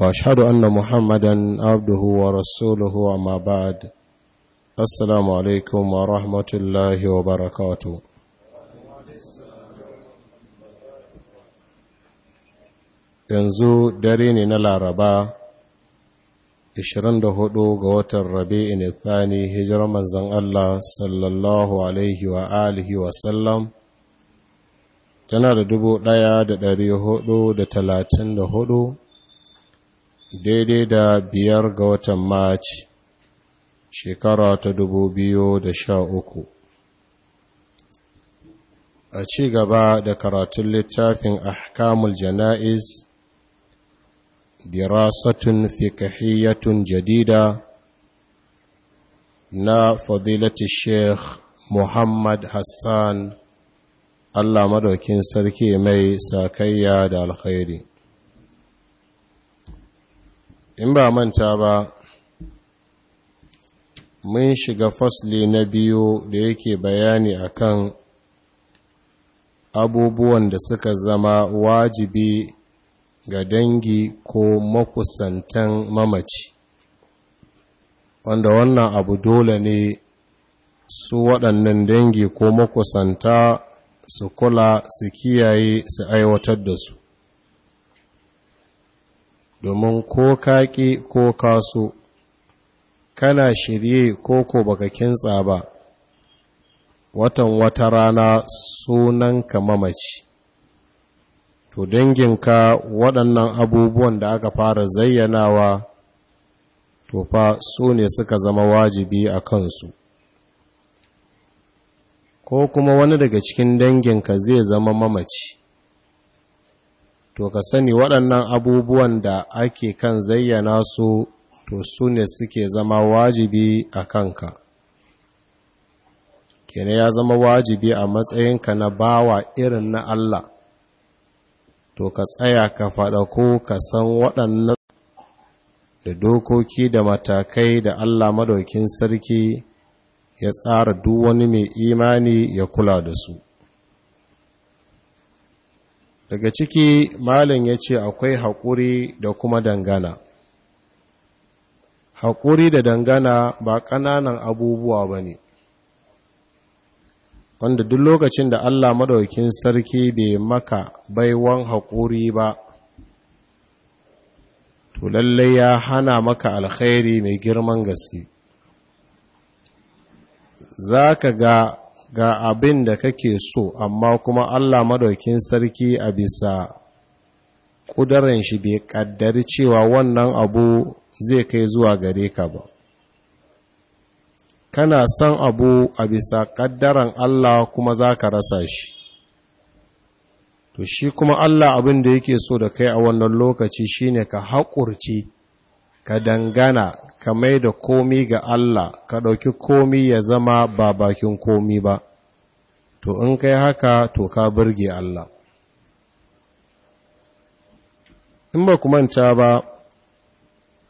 واشهد ان محمدا عبده ورسوله وما بعد السلام عليكم ورحمه الله وبركاته yanzu dare ne na laraba 24 ga watan rabi'in thani hijirar manzon Allah sallallahu alaihi wa alihi wa sallam tana da 1434 daidai da biyar ga watan maci shekara ta dubu biyu da sha uku a ci gaba da karatun littafin ahkamul jana'iz dirasatun fikahiyatun jadida na fadilati sheikh muhammad hassan allah madaukin sarki mai sakayya da alkhairi in ba manta ba mun shiga fasli na biyu da yake bayani akan abubuwan da suka zama wajibi ga dangi ko makusantan mamaci wanda wannan abu dole ne su waɗannan dangi ko makusanta su kula su kiyaye su aiwatar da su domin ko kaƙi ko kaso kana shirye ko ko baka kintsa ba watan wata rana sunan ka mamaci to danginka waɗannan abubuwan da aka fara zayyanawa to fa su ne suka zama wajibi a kansu ko kuma wani daga cikin danginka zai zama mamaci to ka sani waɗannan abubuwan da ake kan zayyana su to su ne suke zama wajibi a kanka kene ya zama wajibi a matsayinka na bawa irin na Allah to ka tsaya ka faɗa ko ka san waɗannan da dokoki da matakai da Allah madaukin sarki ya tsara duk wani mai imani ya kula da su daga ciki malin ya ce akwai haƙuri da kuma dangana haƙuri da dangana ba ƙananan abubuwa ba ne wanda duk lokacin da allah maɗaukin sarki bai maka baiwan haƙuri ba to lallai ya hana maka alkhairi mai girman gaske za ka ga ga abin da kake so amma kuma Allah madaukin sarki a bisa ƙudaren shi bai ƙaddari cewa wannan abu zai kai zuwa gare ka ba kana son abu a bisa ƙaddaran Allah kuma za ka rasa shi to shi kuma Allah abin da yake so da kai a wannan lokaci shine ka haƙurce ka dangana ka mai da komi ga Allah ka ɗauki komi ya zama ba bakin komi ba to in kai haka to ka burge Allah in ba manta ba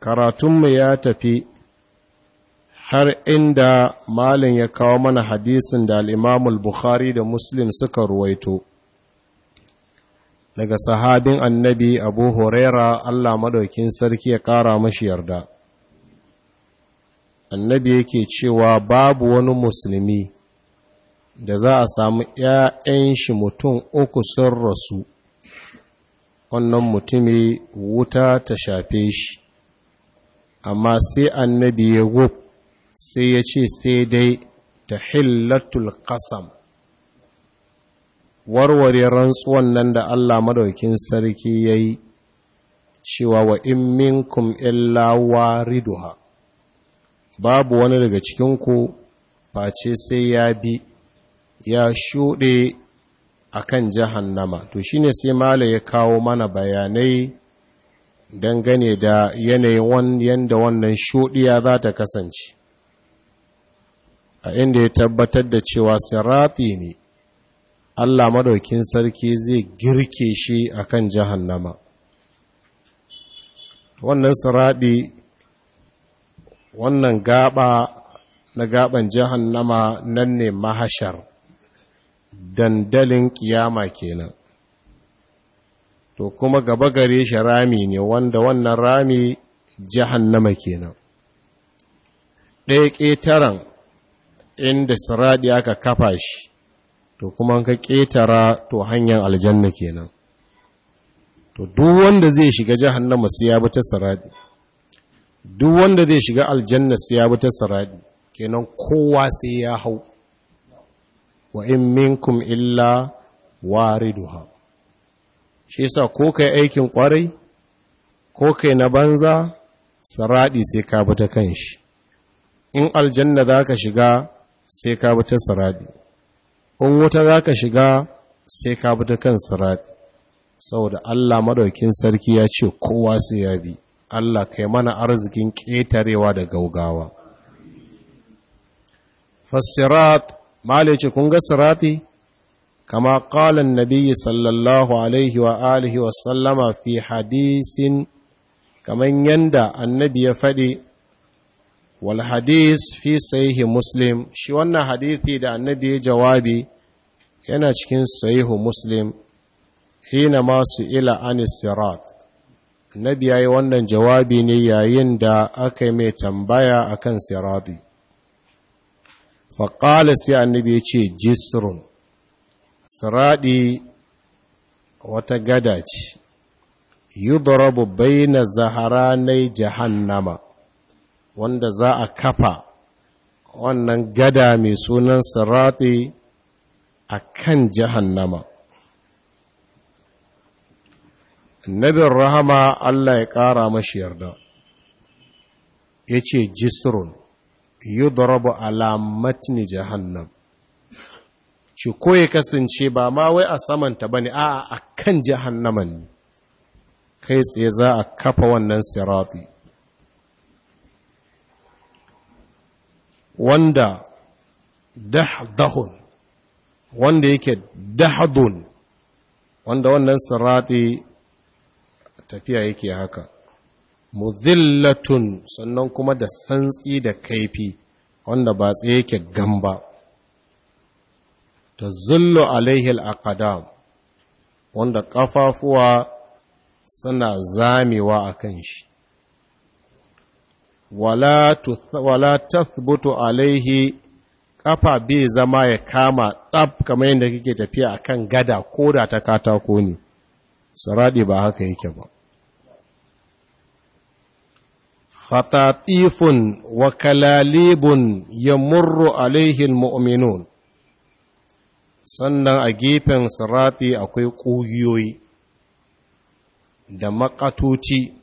karatunmu ya tafi har inda malin ya kawo mana hadisin da al'imamul Bukhari da Muslim suka ruwaito daga sahabin annabi abu horera allah maɗaukin sarki ya ƙara mashi yarda annabi yake cewa babu wani musulmi da za a samu ‘ya'yan shi mutum uku sun rasu wannan mutumi wuta ta shafe shi amma sai annabi ya gub sai ya ce sai dai ta hillatul kasam warware rantsuwan nan da Allah madaukin sarki ya yi cewa wa in minkum illa wariduha babu wani daga cikinku face sai ya bi ya shuɗe a kan jahannama to shine sai mala ya kawo mana bayanai dangane da yanayin yadda wannan shuɗiya za ta kasance a inda ya tabbatar da cewa sirati ne Allah madaukin sarki zai girke shi a akan jahannama wannan siradi wannan gaba na gaban jahannama nan ne mahashar dandalin ƙiyama kenan to kuma gaba gare shi rami ne wanda wannan rami jahannama kenan ɗaya ƙetaren inda siradi aka kafa shi to kuma ka ƙetara to hanyar aljanna kenan to duk wanda zai shiga jahannama sai ya bi ta saradi duk wanda zai shiga aljanna sai ya bi ta saradi kenan kowa sai ya hau wa in minkum illa wariduha shi yasa ko kai aikin kwarai ko kai na banza saradi sai ka bi ta kanshi in aljanna zaka shiga sai ka bi ta saradi in wuta za ka shiga sai ka bi ta kan sirat saboda Allah maɗaukin sarki ya ce kowa su ya bi Allah kai mana arzikin ƙetarewa da gaugawa fasirat malice kun ga sirati kama ƙalan nabi sallallahu alaihi wa alihi wasallama fi hadisin kamar yanda annabi ya faɗi wal fi sahihi muslim shi wannan hadisi da annabi ya jawabi yana cikin sahihu muslim hina masu ila anis sirat annabi yayi wannan jawabi ne yayin da aka yi mai tambaya akan sirati qala sai annabi yace ce jisrun sirati wata gada ce yudarabu bayna zaharanai jahannama wanda za a kafa wannan gada mai sunan sirati a kan jahannama nabin rahama Allah ya ƙara mashi yarda ya ce jisrun yi darabu matni jahannam shi ko ya kasance ba ma wai a samanta ba ne a'a akan jahannaman ne kai tsaye za a kafa wannan sirati wanda dahdahun wanda yake dahdun wanda wannan sirati tafiya yake haka muzillatun sannan kuma da santsi da kaifi wanda ba tsaye yake gamba zullo alaihi al’adam wanda ƙafafuwa suna zamewa a kan shi wala tathbutu alaihi kafa bai zama ya kama tsab kamar yadda kake tafiya akan gada ko da ta katako ne saradi ba haka yake ba khatatifun wa kalalibun yamurru alaihi almu'minun sannan a gefen sarati akwai ƙugiyoyi da makatoci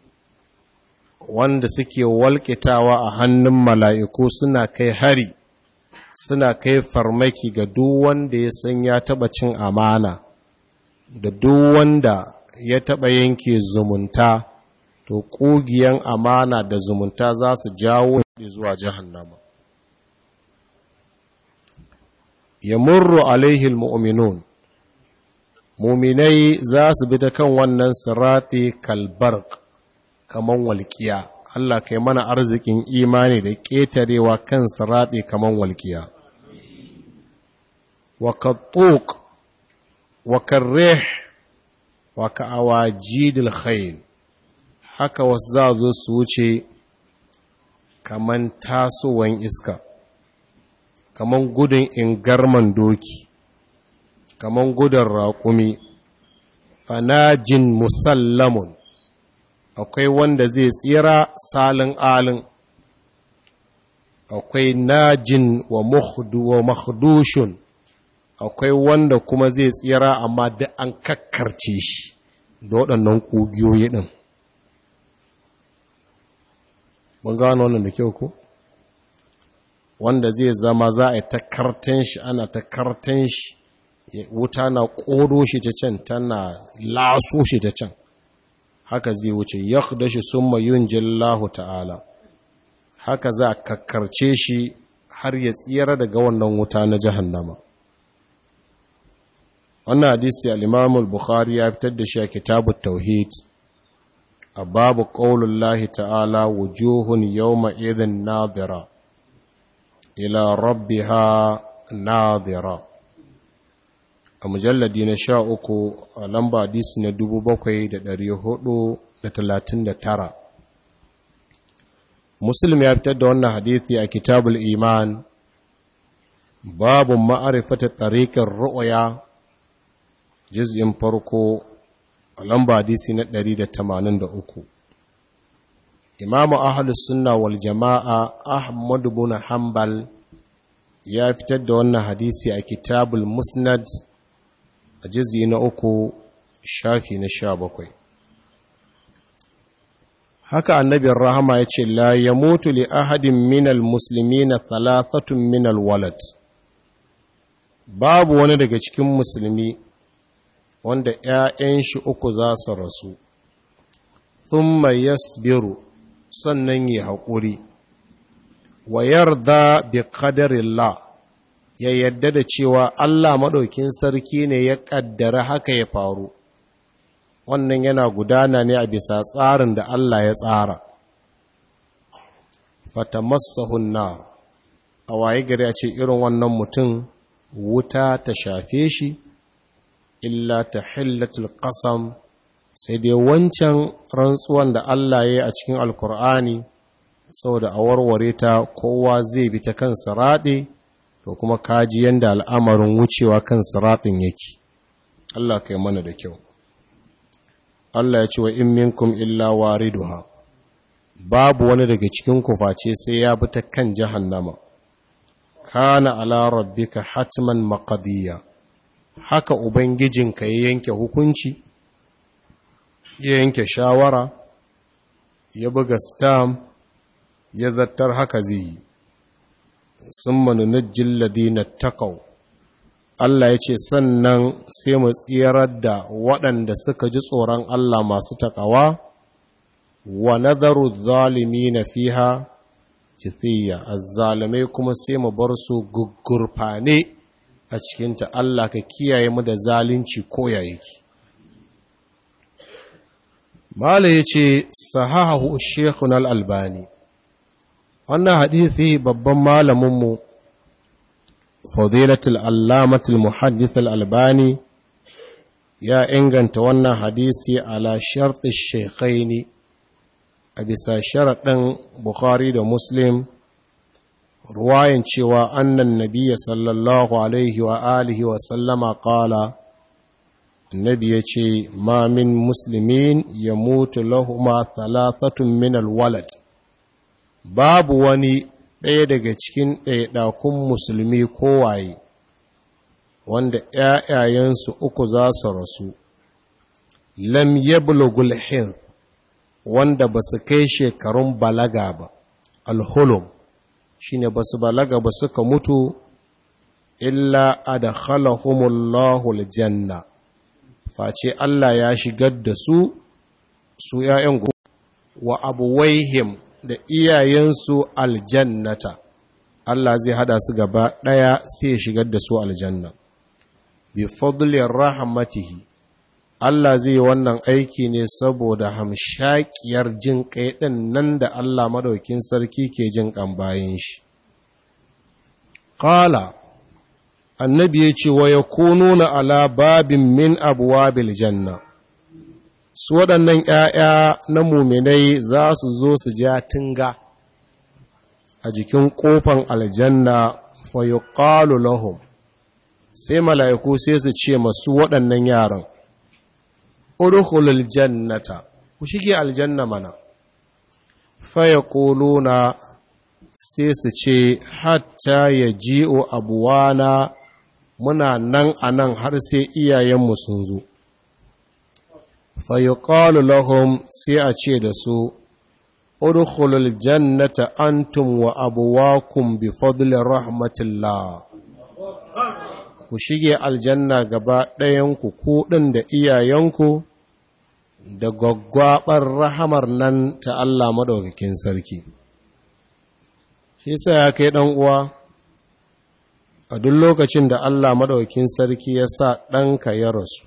wanda suke walƙitawa a hannun mala'iku suna kai hari suna kai farmaki ga duk wanda ya san ya taɓa cin amana da duk wanda ya taɓa yanke zumunta to ƙugiyan amana da zumunta za su jawo zuwa jahannama ya murru alaihil mu'minun muminai za su bi ta kan wannan sirati kalbark kaman walƙiya Allah kai mana arzikin imani da ƙetarewa kan siraɗi kaman walƙiya wa ka kattuq wa ka reh wa ka ka'awajidil khayl haka wasu za zo su wuce kaman tasowan iska kaman gudun ingarman doki kaman gudun raƙumi fanajin musallamun akwai wanda zai tsira salin alin akwai najin wa Mahdushin, mahdushun akwai wanda kuma zai tsira amma duk an kakkarce shi da waɗannan ƙugiyoyi ɗin mun gano wannan da kyau ko wanda zai zama za a yi takartan shi ana takartan shi wuta na ƙodo shi ta can tana laso shi ta can haka zai wuce da shi sun summa yunjillahu ta'ala haka za a kakkarce shi har ya tsira daga wannan wuta na jahannama wannan hadisi al imamul bukhari ya fitar da shi a kitabut tauhid a babu lahi ta'ala wujuhun yau idhin nadira ila rabbiha nadira a mujalladi na sha uku a lamba disi na dubu bakwai da ɗari hudu da talatin da tara muslim ya fitar da wannan hadithi a kitabul iman babu ma'arifata ɗarikar ru'uya jizgin farko a lamba disi na ɗari da tamanin da uku imamu ahalus sunna wal jama'a ahmadu bin hanbal ya fitar da wannan hadisi a kitabul musnad a jizi na uku shafi na sha bakwai haka annabin rahama ya ce la ya mutu li ahadin minal musulmi na talatatun minal walad babu wani daga cikin musulmi wanda ‘ya'yan shi uku za su rasu mai yasbiru sannan yi haƙuri wa yarda bi qadarillah ya yadda da cewa Allah maɗaukin sarki ne ya ƙaddara haka ya faru wannan yana gudana ne a bisa tsarin da Allah ya tsara Fata na a waye gari a ce irin wannan mutum wuta ta shafe shi illa ta hillatul ƙasam, sai dai wancan rantsuwan da Allah ya yi a cikin alkur'ani saboda a warware ta kowa zai bi ta kan raɗe to kuma kaji yanda al'amarin wucewa kan siratin yake Allah kai mana da kyau Allah ya ce wa in minkum illa wariduha babu wani daga cikin kuface sai ya bi ta kan jahannama kana ala rabbika hatman maqdiya haka ubangijin ka ya yanke hukunci ya yanke shawara ya buga stam ya zartar haka zai yi sun manunajjin ladina takau Allah ya ce sannan sai mu tsirar da waɗanda suka ji tsoron Allah masu takawa wa nazaru zalimi na fiha a azzalimai kuma sai mu bar su gugurfane a cikinta Allah ka kiyaye mu da zalunci ko ki Mala ya ce sahahu Shekun albani wannan hadisi babban malaminmu fadilatul allamatul muhaddithul albani ya inganta wannan hadisi ala sharti shaykhaini a bisa sharaɗin bukhari da muslim ruwayan cewa annan nabiya sallallahu alaihi wa alihi wa sallama kala nabi ya ce ma min muslimin ya mutu lahuma talatatun min alwalad babu wani ɗaya daga cikin ɗaiɗakun musulmi kowaye wanda ‘ya'yayensu uku za su rasu lam yablugul hin wanda ba su kai shekarun balaga ba alholum shi ne ba su balaga ba suka mutu illa a da adakhalahumullahu janna face Allah ya shigar da su su ‘ya'yan wa abuwaihim da iyayensu aljannata Allah zai hada su gaba ɗaya sai ya shigar da su aljanna bi fadli rahmatihi Allah zai yi wannan aiki ne saboda hamshakiyar jin kai din nan da Allah madaukin sarki ke jin kan bayin shi qala annabi yace ce wa yakununa ala babin min abwabil janna su waɗannan ‘ya'ya na muminai za su zo su ja tinga a jikin ƙofan aljanna fayuƙalu lahum sai mala'iku sai su ce masu waɗannan yaran ƙudukul aljannata ku shige aljanna mana na sai su ce hatta ya ji'o abuwana muna nan a nan har sai iyayenmu sun zo fayuqalu lahum sai a ce da su udkhulul jannata antum wa abuwakum bi fadli rahmatillah ku shige aljanna gaba ɗayanku ku ɗin da iyayenku da gwaggwaɓar rahamar nan ta Allah maɗaukakin sarki shi sa ya kai ɗan uwa a duk lokacin da Allah maɗaukakin sarki ya sa ɗanka ya rasu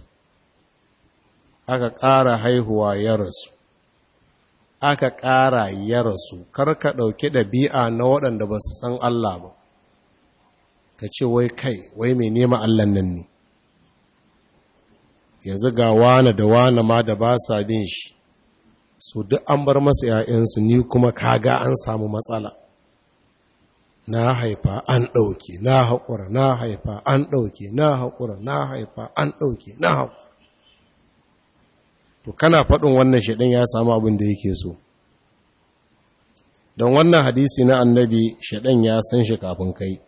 aka ƙara haihuwa ya rasu aka ƙara ya rasu karka ɗauki ɗabi'a na waɗanda ba su san Allah ba ka ce wai kai wai mai nema Allah nan ne yanzu ga wane da wane ma da ba sa bin shi su duk an bar masu ‘ya'yansu ni kuma kaga an samu matsala na haifa an ɗauke na haƙura na haifa an ɗauke na haƙura na haifa an ɗauke na haƙura to kana faɗin wannan shaɗin ya samu abin da yake so don wannan hadisi na annabi shaɗin ya san shi kafin kai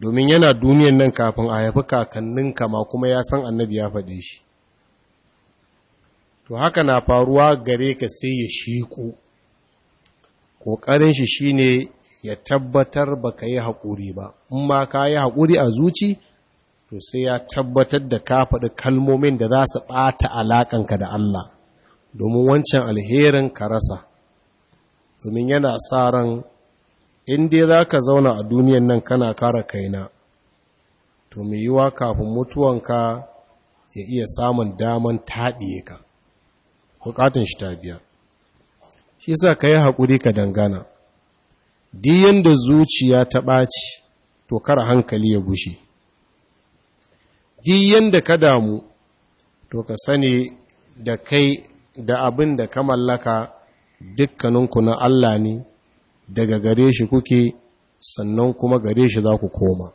domin yana duniyan nan kafin a haifi kakannin ma kuma ya san annabi ya faɗe shi to haka na faruwa gare ka sai ya shiku ƙoƙarin shi shine ya tabbatar baka yi haƙuri ba in ma ka yi haƙuri a zuci to sai ya tabbatar da ka faɗi kalmomin da za su ɓata alaƙanka da Allah domin wancan alherin ka rasa domin yana sa ran in dai za ka zauna a duniyan nan kana kara kaina to mai yiwa kafin mutuwanka ya iya samun daman taɗiye ka buƙatun shi ta biya shi sa ka yi haƙuri ka dangana diyan da zuciya ta ɓaci to kar hankali ya gushe di yanda ka damu to ka sani da kai da abin da ka mallaka dukkaninku na Allah ne daga gare shi kuke sannan kuma gare shi za ku koma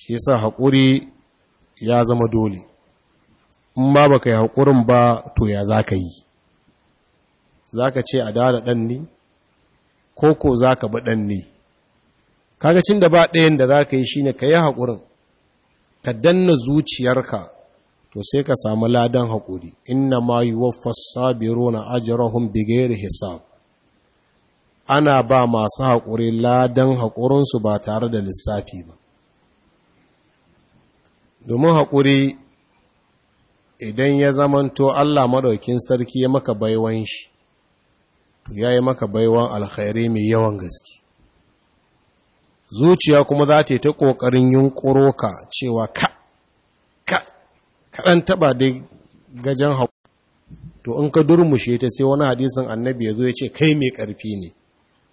shi yasa haƙuri ya zama dole in ma baka yi haƙurin ba to ya za ka yi za ka ce a dada ɗan ne ko ko za ka bi ɗan ne kaga cin da ba ɗayan da za ka yi shi ne ka yi haƙurin ka danna zuciyarka to sai ka samu ladan haƙuri inna ma yuwaffas na ajrahum bighairi hisab ana ba masu haƙuri ladan haƙurinsu ba tare da lissafi ba domin haƙuri idan ya zamanto Allah maɗaukin sarki ya maka baiwan shi to ya yi maka baiwan alkhairi mai yawan gaske zuciya kuma za ta yi ta ƙoƙarin yunƙuro ka cewa ka ka kaɗan taɓa dai gajen hau to in ka durmushe ta sai wani hadisin annabi ya zo ya ce kai mai ƙarfi ne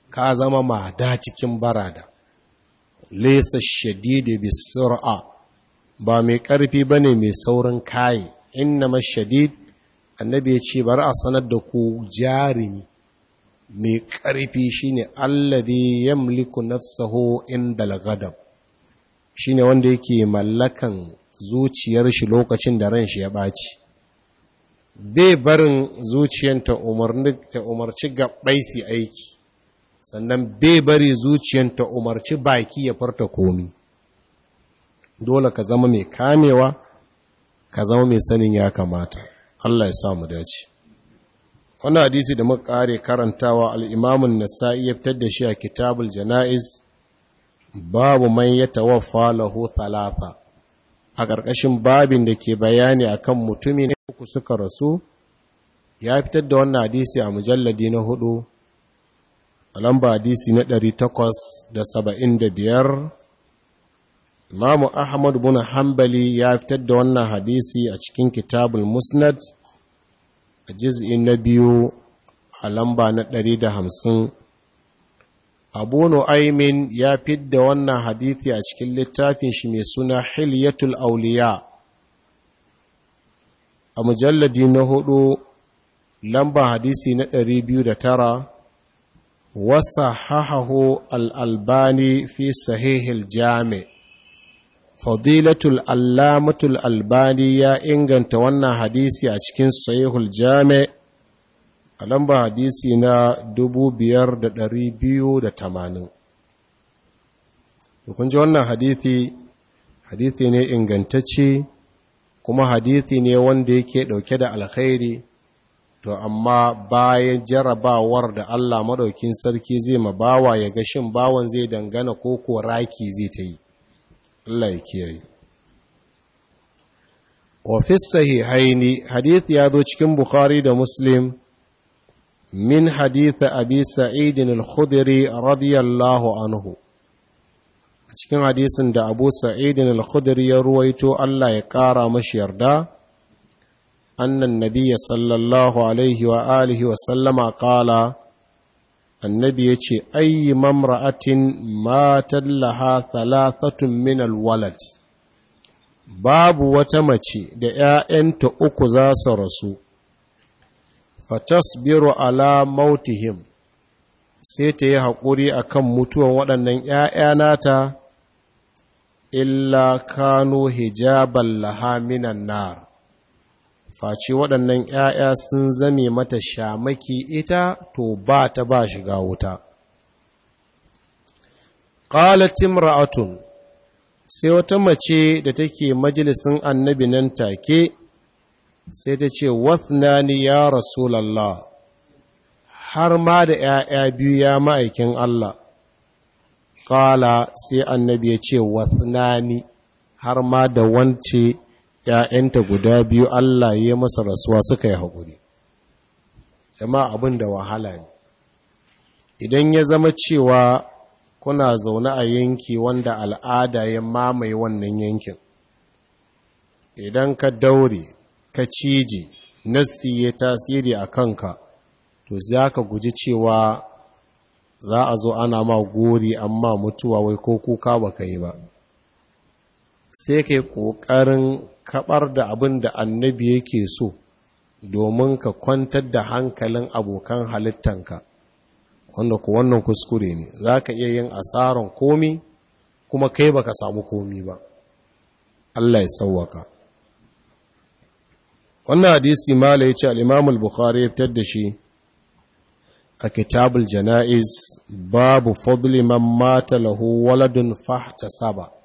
ka zama mada cikin barada lesa shadidu bi sur'a ba mai ƙarfi ba ne mai saurin kayi innama shadid annabi ya ce bari a sanar da ku jarumi mai ƙarfi shine allazi yamliku nafsahu indal ghadab shine wanda yake mallakan zuciyar shi lokacin da ran shi ya ɓaci bai barin zuciyanta ta umarci gaɓai su aiki sannan bai bari zuciyar ta umarci baki ya farta komi dole ka zama mai kamewa ka zama mai sanin ya kamata Allah ya sa mu dace wannan hadisi da muka kare karantawa al'imamun nasa'i ya fitar da shi a kitabul jana'iz babu man ya tawafa laho talata a ƙarƙashin babin da ke bayani a kan akan mutumin uku suka rasu ya fitar da wannan hadisi a mujalladi na hudu a lamba hadisi na 875 imamu ahmad buna hambali ya fitar da wannan hadisi a cikin kitabul musnad a jiz'i na biyu a lamba na ɗari da hamsin, abu nu'aimin ya fidda wannan hadithi a cikin littafin shi mai suna hilyatul auliya a mujalladi na hudu lamba hadisi na ɗari biyu 209 wasa hahahu al'albani fi sahihil jami' fadilatul allamatul albani ya inganta wannan hadisi a cikin sahihul jami a lamba hadisi na 5280 kun ji wannan hadithi hadithi ne ingantacce kuma hadithi ne wanda yake dauke da alkhairi to amma bayan jarabawar da Allah madaukin sarki zai ma ya ga shin bawan zai dangana ko ko raki zai ta yi Allah ya kiyaye wa sahihaini hadith ya zo cikin bukhari da muslim min hadith abi sa'id al-khudri radiyallahu anhu a cikin hadisin da abu sa'id al-khudri ya ruwaito Allah ya kara mashi yarda annan nabiyya sallallahu alaihi wa alihi wa sallama ƙala. annabi ya ce ayi mamra'atin matan laha talatatun min alwalad babu wata mace da ‘ya'yanta uku za su rasu fatasbiru ala mautihim sai ta yi haƙuri a kan mutuwan waɗannan ‘ya'ya nata illa kano hijaban laha minan nar face waɗannan ‘ya'ya sun zame mata shamaki ita to ba ta ba shiga wuta. Ƙalatin ra'atun, sai wata mace da take majalisun annabi nan take, sai ta ce, Wathnani ya Rasulallah, har ma da ‘ya'ya biyu ya ma'aikin Allah. Ƙala sai annabi ya ce, Wathnani har ma da wance ‘ya'yanta guda biyu Allah ya masa rasuwa suka yi haƙuri. Jama abin da wahala ne. Idan ya zama cewa kuna zaune a yanki wanda al'ada ya mamaye wannan yankin, idan ka daure, ka ciji, nassi ya tasiri a kanka, to za ka guji cewa za a zo ana ma gori amma mutuwa wai ko kuka ba ka yi ba. Sai ka yi ƙoƙarin kabar da abin da annabi yake so domin ka kwantar da hankalin abokan halittanka wanda ku wannan kuskure ne za ka iya yin asaran komi kuma kai baka samu komi ba Allah ya sauwaka wannan hadisi mala ya ce alimamul bukhari ya fitar da shi a kitabul jana'iz babu fadli man mata lahu waladun Saba.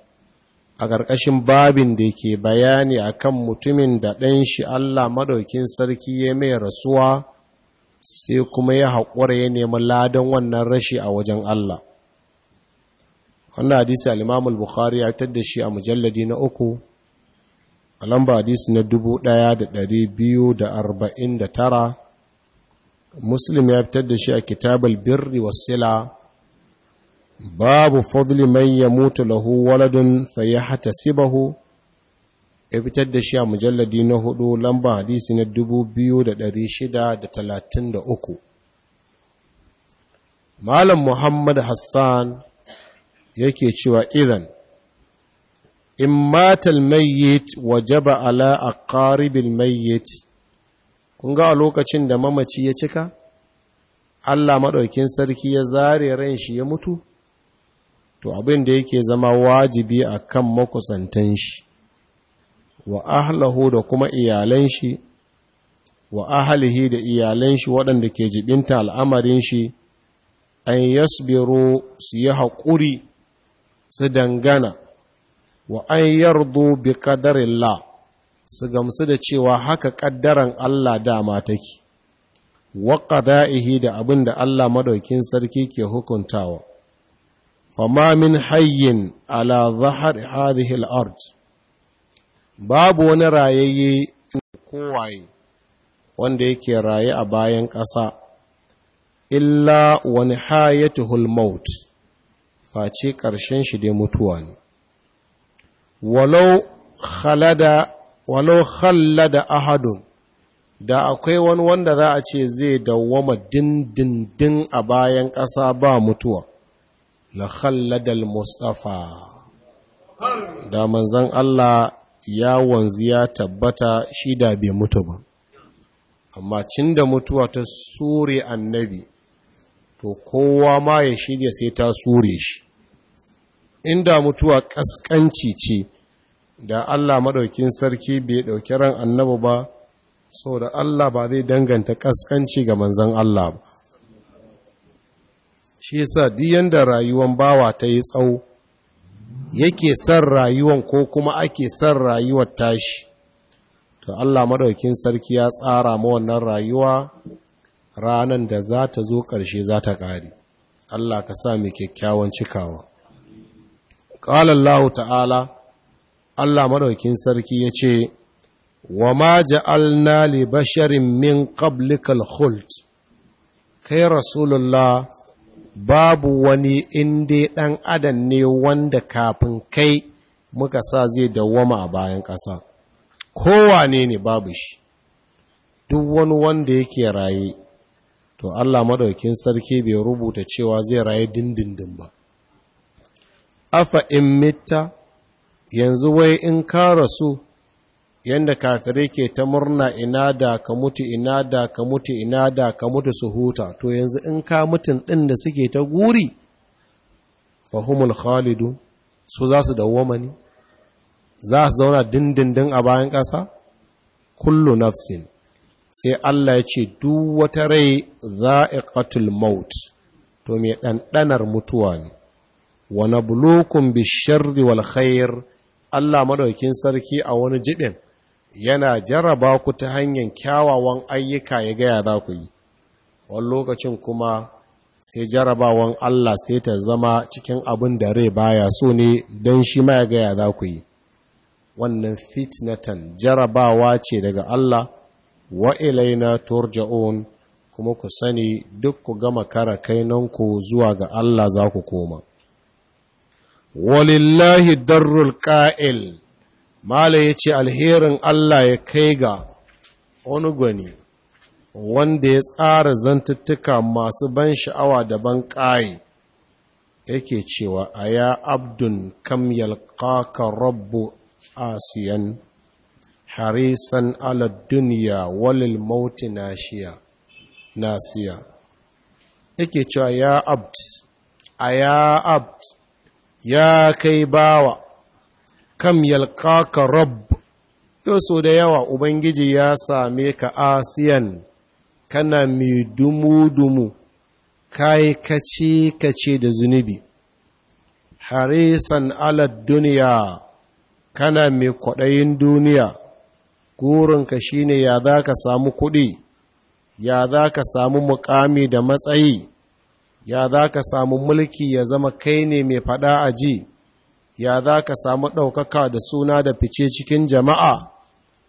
a ƙarƙashin babin da ke bayani a kan mutumin da ɗan shi Allah maɗaukin sarki ya mai rasuwa sai kuma ya haƙura ya nemi ladan wannan rashi a wajen Allah. Wannan hadisi al Bukhari ya fitar da shi a mujalladi na uku, a lamba hadisi na dubu ɗaya da ɗari biyu da arba'in da tara, Muslim ya fitar da shi a kitabul birri wasila babu fadli man ya mutu lahu waladun fa ya sibahu? ya fitar da shi a mujalladi na hudu lamba hadisi na 2633 malam muhammad hassan yake cewa idan in matal mayyit wajaba ala aqaribil mayyit kun ga a lokacin da mamaci ya cika Allah maɗaukin sarki ya zare ran shi ya mutu to abin da yake zama wajibi a kan makusantan shi wa ahlahu da kuma iyalan shi wa ahalihi da iyalan shi waɗanda ke jibinta al'amarin shi an yasbiro su yi haƙuri su dangana wa an yardo bi ƙadarillah su gamsu da cewa haka ƙaddaran Allah dama take wa ƙada'ihi da abin da Allah maɗaukin sarki ke hukuntawa وما من حي على ظهر هذه الأرض باب ونرايي كواي wanda yake raye a bayan ƙasa illa wani hayatuhul maut face ƙarshen shi dai mutuwa ne walau khallada ahadun da akwai wani wanda za a ce zai dawwama dindindin a bayan ƙasa ba mutuwa la khalladal mustafa da manzan Allah ya wanzu ya tabbata shi da bai mutu ba amma cin da mutuwa ta sure annabi to kowa ma ya shirya sai ta sure shi inda mutuwa kaskanci ce da Allah maɗaukin sarki bai ɗauki ran annabi ba saboda Allah ba zai danganta kaskanci ga manzan Allah ba shi yasa duk yanda rayuwan bawa ta yi tsawo yake san rayuwan ko kuma ake san rayuwar tashi to Allah madaukin sarki ya tsara ma wannan rayuwa ranan da za ta zo ƙarshe za ta ƙare Allah ka sa mu kyakkyawan cikawa qala Allah ta'ala Allah madaukin sarki yace wa ma ja'alna li basharin min qablikal khuld kai rasulullah babu wani inda ɗan adam ne wanda kafin kai muka sa zai dawwama a bayan ƙasa kowane ne babu shi duk wani wanda yake raye to Allah maɗaukin sarki bai rubuta cewa zai raye dindindin ba afa in mita yanzu wai in ka rasu yanda kafirai ke ta murna ina da ka mutu ina da ka mutu ina da ka mutu su huta to yanzu in ka mutun ɗin da suke ta guri fahimul khalidu su za su dawoma ne za su zauna dindindin a bayan ƙasa kullu nafsin sai Allah ya ce duk wata rai za'iqatul maut to mai ɗanɗanar mutuwa ne wa nabluukum bish wal khair Allah madaukin sarki a wani jibin yana jaraba ku ta hanyar kyawawan ayyuka ya gaya za ku yi wani lokacin kuma sai jarabawan Allah sai ta zama cikin abin da rai baya so ne don shi ma ya gaya za ku yi wannan fitnatan jarabawa ce daga Allah wa ilaina turja'un kuma ku sani duk ku gama kara kainanku zuwa ga Allah za ku koma walillahi darrul qa'il mala ya ce alherin Allah ya kai ga wani gwani wanda ya tsara zantuttuka masu ban sha'awa da ban ƙaye yake cewa a ya abdun kam yalƙaka rabbu asiyan harisan ala walil mauti nasiya yake cewa ya abd a ya abd ya kai bawa kam yalkaka rabb yau so da yawa ubangiji ya same ka asiyan kana mai dumu-dumu kai kace kace da zunubi harisan alad duniya kana mai kwaɗayin duniya gurinka ne, ya za ka samu kuɗi ya za ka samu mukami da matsayi ya za ka samu mulki ya zama kai ne mai faɗa a ji ya za ka samu ɗaukaka da suna da fice cikin jama'a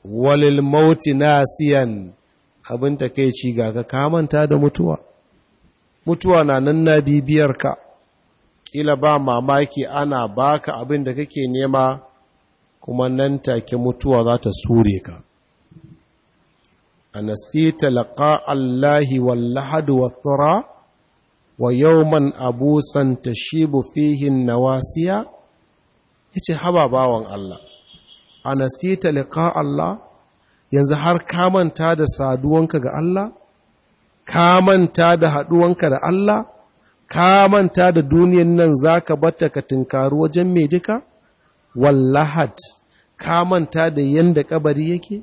walil mauti na siyan abin ta kai ci ga ka kamanta da mutuwa mutuwa na nan na ka. kila ba mamaki ana baka abin da kake nema kuma nan take mutuwa za ta sure ka anasita laƙa allahi wal wa thara wa yau yawman abusan tashibu na wasiya? yace haba bawan Allah anasita liqa Allah yanzu har ka manta da saduwanka ga Allah ka manta da haduwanka da Allah ka manta da duniyan nan zaka batta ka tinkaru wajen mai duka wallahat ka manta da yanda kabari yake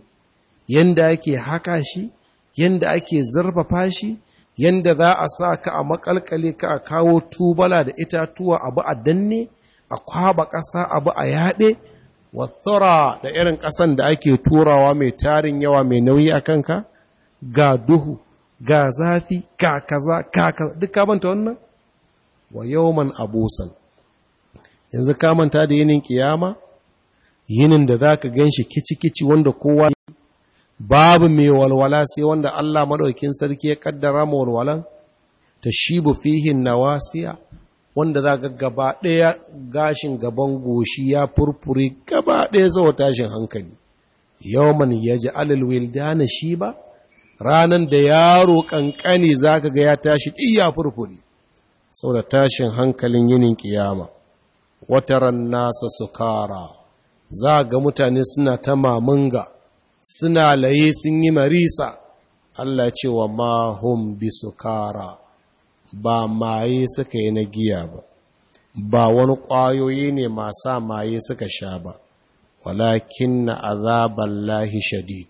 yanda ake haka shi yanda ake zarfafa shi yanda za a sa ka a makalkale ka a kawo tubala da itatuwa abu a danne a kwaba ƙasa abu a yaɗe wathura da irin ƙasan da ake turawa mai tarin yawa mai nauyi a kanka ga duhu ga zafi ga kaza ga kaza duk kamanta wannan wa yawman abusan yanzu ka manta da yinin kiyama yinin da za zaka ganshi kici kici wanda kowa babu mai walwala sai wanda Allah maɗaukin sarki ya kaddara ma walwalan fihin na nawasiya wanda za ga gaba ɗaya gashin gaban goshi ya furfure gaba ɗaya zuwa tashin hankali yawman ya ji alalwil dana shi ba ranar da yaro ƙanƙani za ka ga ya tashi ɗiya furfure sau da tashin hankalin yinin ƙiyama wata nasa su sukara za ga mutane suna ta mamunga suna laye sun yi marisa Allah cewa wa mahum bi sukara ba maye suka yi na giya ba ba wani ƙwayoyi ne masa maye suka sha ba walakin na azabar lahi shadid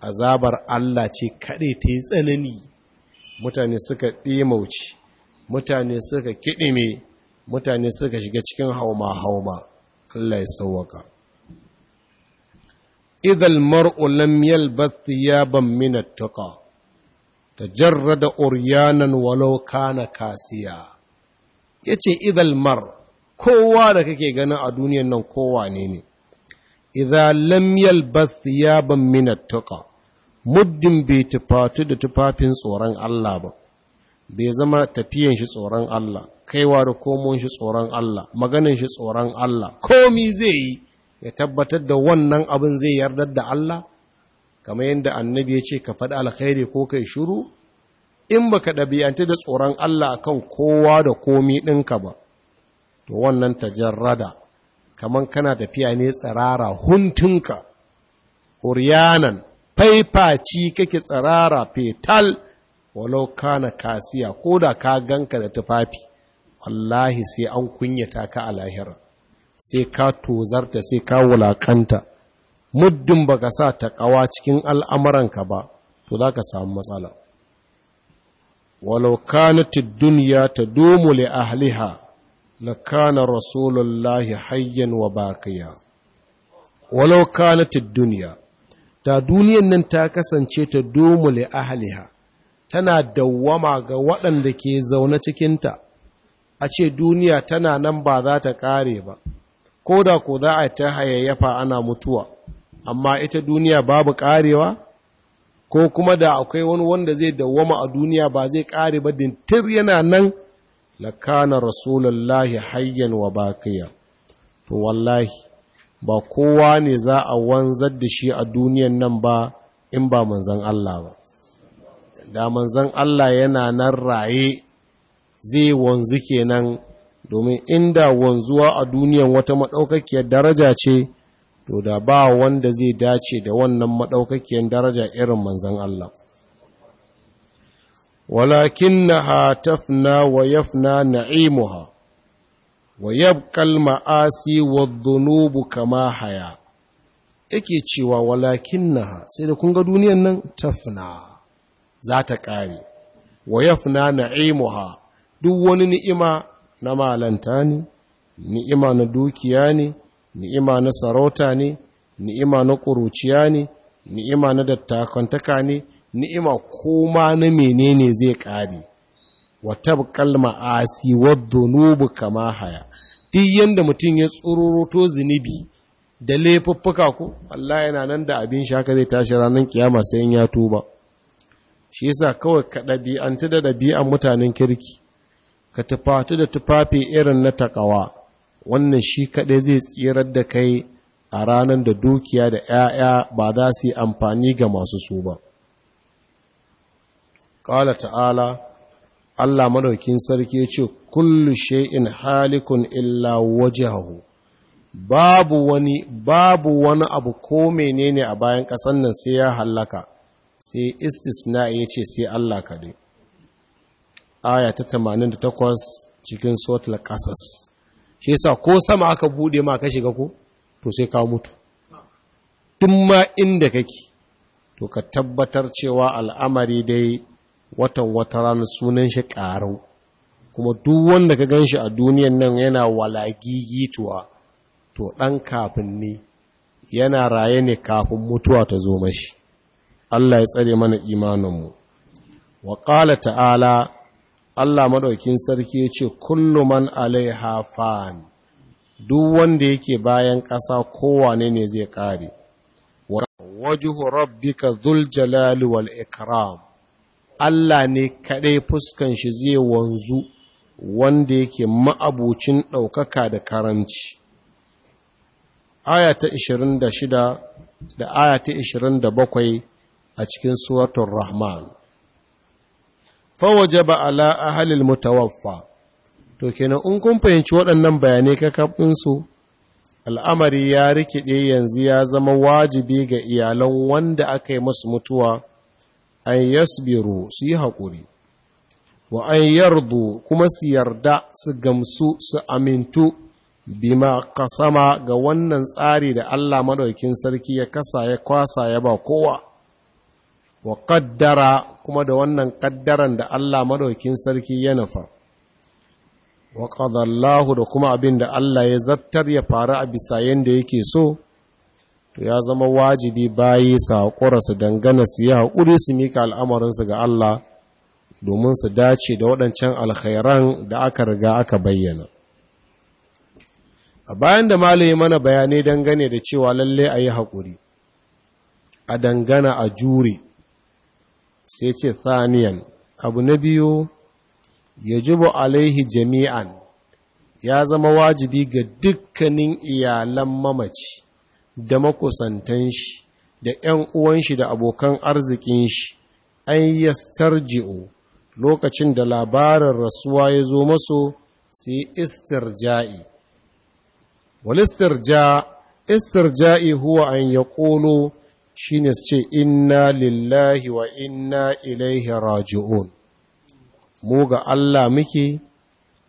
azabar Allah ce kaɗe ta yi tsanani mutane suka ɗimauci mutane suka kiɗime mutane suka shiga cikin hauma-hauma Allah ya sauwaka idal marulam lam ya ya min at ta jarrada uryanan walau kana kasiya ya ce idal mar kowa da kake ganin a duniyan nan kowa ne ne idha lam yalbath thiyaban min at muddin bai tufatu da tufafin tsoron Allah ba bai zama tafiyan shi tsoron Allah kaiwa da komon shi tsoron Allah maganin shi tsoron Allah komi zai yi ya tabbatar da wannan abin zai yardar da Allah kamar yadda annabi ya ce ka faɗi alkhairi ko kai shuru in ba ka ɗabi'anta da tsoron Allah kan kowa da komi ɗinka ba to wannan ta jarrada. kamar kana tafiya ne tsirara huntunka uryanan faifaci kake tsirara fetal walau kana kasiya ko da ka ganka da tufafi wallahi sai an kunyata ka a lahira sai ka tozarta sai ka wulakanta muddin ba ka sa ta kawa cikin al'amuranka ba to za ka samu matsala walau kanat ad-dunya li ahliha lakana rasulullahi hayyan wa bakiya. walau duniya, ta da duniyan nan ta kasance ta domu li ahliha tana dawwama ga waɗanda ke zaune cikinta a ce duniya tana nan ba za ta ƙare ba ko da ko za a ta hayayyafa ana mutuwa amma ita duniya babu karewa ko kuma da akwai wani wanda zai dawwama a duniya ba zai kare ba dintir yana nan lakana rasulullahi hayyan wa baqiya to wallahi ba kowa ne za a wanzar da shi a duniyan nan ba in ba manzan Allah ba da manzan Allah yana nan raye zai wanzu kenan domin inda wanzuwa a duniyan wata maɗaukakiyar daraja ce to da ba wanda zai dace da wannan madaukakiyar daraja irin manzan Allah walakin na hatafna wa yafna na'imuha wa yabkal ma'asi wa dhunubu kama haya yake cewa walakin sai da kun ga duniyan nan tafna za ta kare. wa yafna na'imuha duk wani ni'ima na malanta ne ni'ima na dukiya ne ni'ima na sarauta ne ni'ima na ƙuruciya ne ni'ima na dattakantaka ne ni'ima koma na menene zai ƙare Wata kalma ma'asi wadda dhunubu kama haya duk yadda mutum ya tsororoto zunubi da laifuffuka ku, Allah yana nan da abin shi haka zai tashi ranar kiyama sai in ya tuba shi yasa kawai ka ɗabi'anta da ɗabi'an mutanen kirki ka tufatu da tufafi irin na takawa wannan shi kaɗai zai tsirar da kai a ranar da dukiya da ‘ya'ya ba za su yi amfani ga masu su ba. Ƙala ta'ala, Allah madaukin sarki ce, Kullu shai'in halikun illa wajahu babu wani babu wani abu ko menene a bayan ƙasan nan sai ya hallaka, sai istisna ya ce sai Allah kaɗai. Aya ta 88 cikin sotar Ƙasas. shi yasa ko sama aka bude ma ka shiga ko to sai ka mutu tun ma inda kake to ka tabbatar cewa al'amari dai watan wata ranar sunan shi ƙarau kuma duk wanda ka gan shi a duniyan nan yana walagigituwa to dan kafin ne yana raye ne kafin mutuwa ta zo mashi Allah ya tsare mana imaninmu wa qala ta'ala Allah maɗaukin sarki ya ce kullu man alaiha fan duk wanda yake bayan ƙasa kowane ne zai ƙare wajuhu rabbika dhul jalali wal ikram Allah ne kaɗai fuskan shi zai wanzu wanda yake ma'abucin ɗaukaka da karanci aya ta 26 da aya ta 27 a cikin suratul rahman fawaje ba ala ahalil mutawaffa to kenan in kun fahimci waɗannan bayanai kakaɓinsu al'amari ya rikide yanzu ya zama wajibi ga iyalan wanda aka yi masu mutuwa an yasbiru su yi haƙuri wa an yardu kuma su yarda su gamsu su amintu bima kasama ga wannan tsari da Allah maɗaukin sarki ya kasa ya kwasa ya ba kowa wa ƙaddara kuma da wannan ƙaddaran da Allah maɗaukin sarki ya nufa wa da kuma abin da Allah ya zartar ya faru a bisa yadda yake so to ya zama wajibi bayi su haƙura su dangana su yi haƙuri su mika al'amarinsu ga Allah domin su dace da waɗancan alkhairan da aka riga aka bayyana a bayan da malaye mana bayanai dangane da cewa lallai a yi haƙuri a dangana a jure sai ce thaniyan abu na biyu ya yajibu alaihi jami'an ya zama wajibi ga dukkanin iyalan mamaci da makusantan shi da 'yan uwan shi da abokan arzikin shi an yastarji'u lokacin da labarin rasuwa ya zo maso sai istirja'i wal istirja istirja'i huwa an yaqulu shine su ce inna lillahi wa inna ilaihi raji'un mu ga Allah muke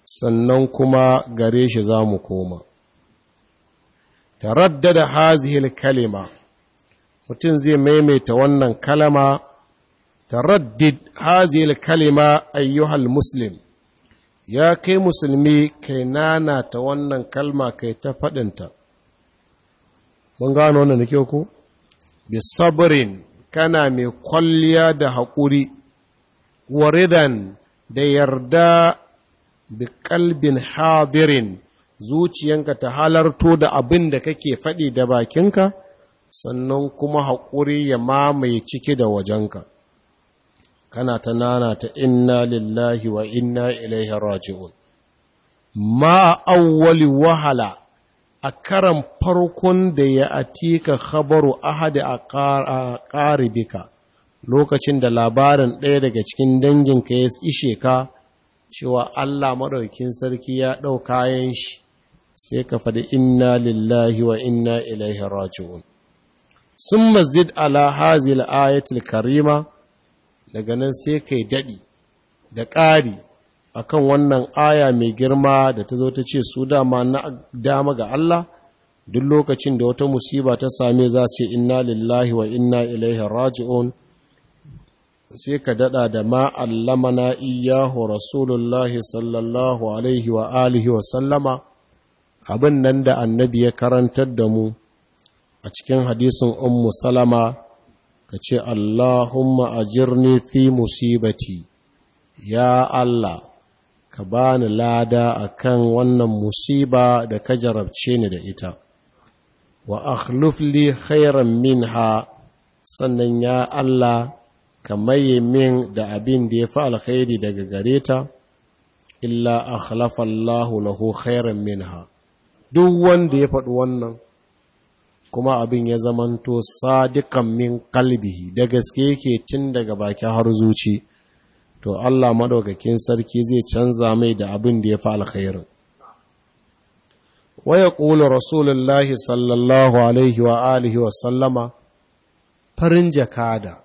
sannan kuma gare shi za mu koma taraddada hazihil kalima mutum zai maimaita wannan kalama taraddid hazihil kalima ayyuhal muslim ya kai musulmi kai nana ta wannan kalma kai ta faɗinta mun gano wannan da ke ko bi sabrin kana mai kwalliya da haƙuri waridan da yarda bi kalbin hadirin zuciyanka ta halarto da abin da kake faɗi da bakinka sannan kuma haƙuri ya mamaye ciki da wajenka kana ta nana ta inna lillahi wa inna ilaihi raji'un ma awwali wahala a karan farkon da ya atika khabaru ahadi a ƙaribika lokacin da labarin ɗaya daga cikin danginka ya ishe ka cewa Allah maɗaukin sarki ya ɗau kayan shi sai ka faɗi inna lillahi wa inna ilaihi raji'un sun mazid ala hazil ayatul karima daga nan sai kai daɗi da ƙari akan wannan aya mai girma da ta zo ta ce su dama na dama ga Allah duk lokacin da wata musiba ta same za su inna lillahi wa inna ilaihi raji'un sai ka dada da ma allamana iyyahu. rasulullah sallallahu alaihi wa alihi wa sallama abin nan da annabi ya karantar da mu a cikin hadisin ummu salama ka ce allahumma ajirni fi musibati ya Allah ka ba ni lada a kan wannan musiba da ka jarabce ni da ita wa akhluf khairan minha sannan ya Allah ka maye min da abin da ya fi alkhairi daga gare ta illa akhlafa Allah lahu khairan minha duk wanda ya faɗi wannan kuma abin ya zamanto sadikan min kalbihi da gaske yake tun daga baki har zuci to Allah maɗaukakin sarki zai canza mai da abin da ya fi alkhairin waya ƙula rasulullahi sallallahu alaihi wa alihi wa sallama farin jakada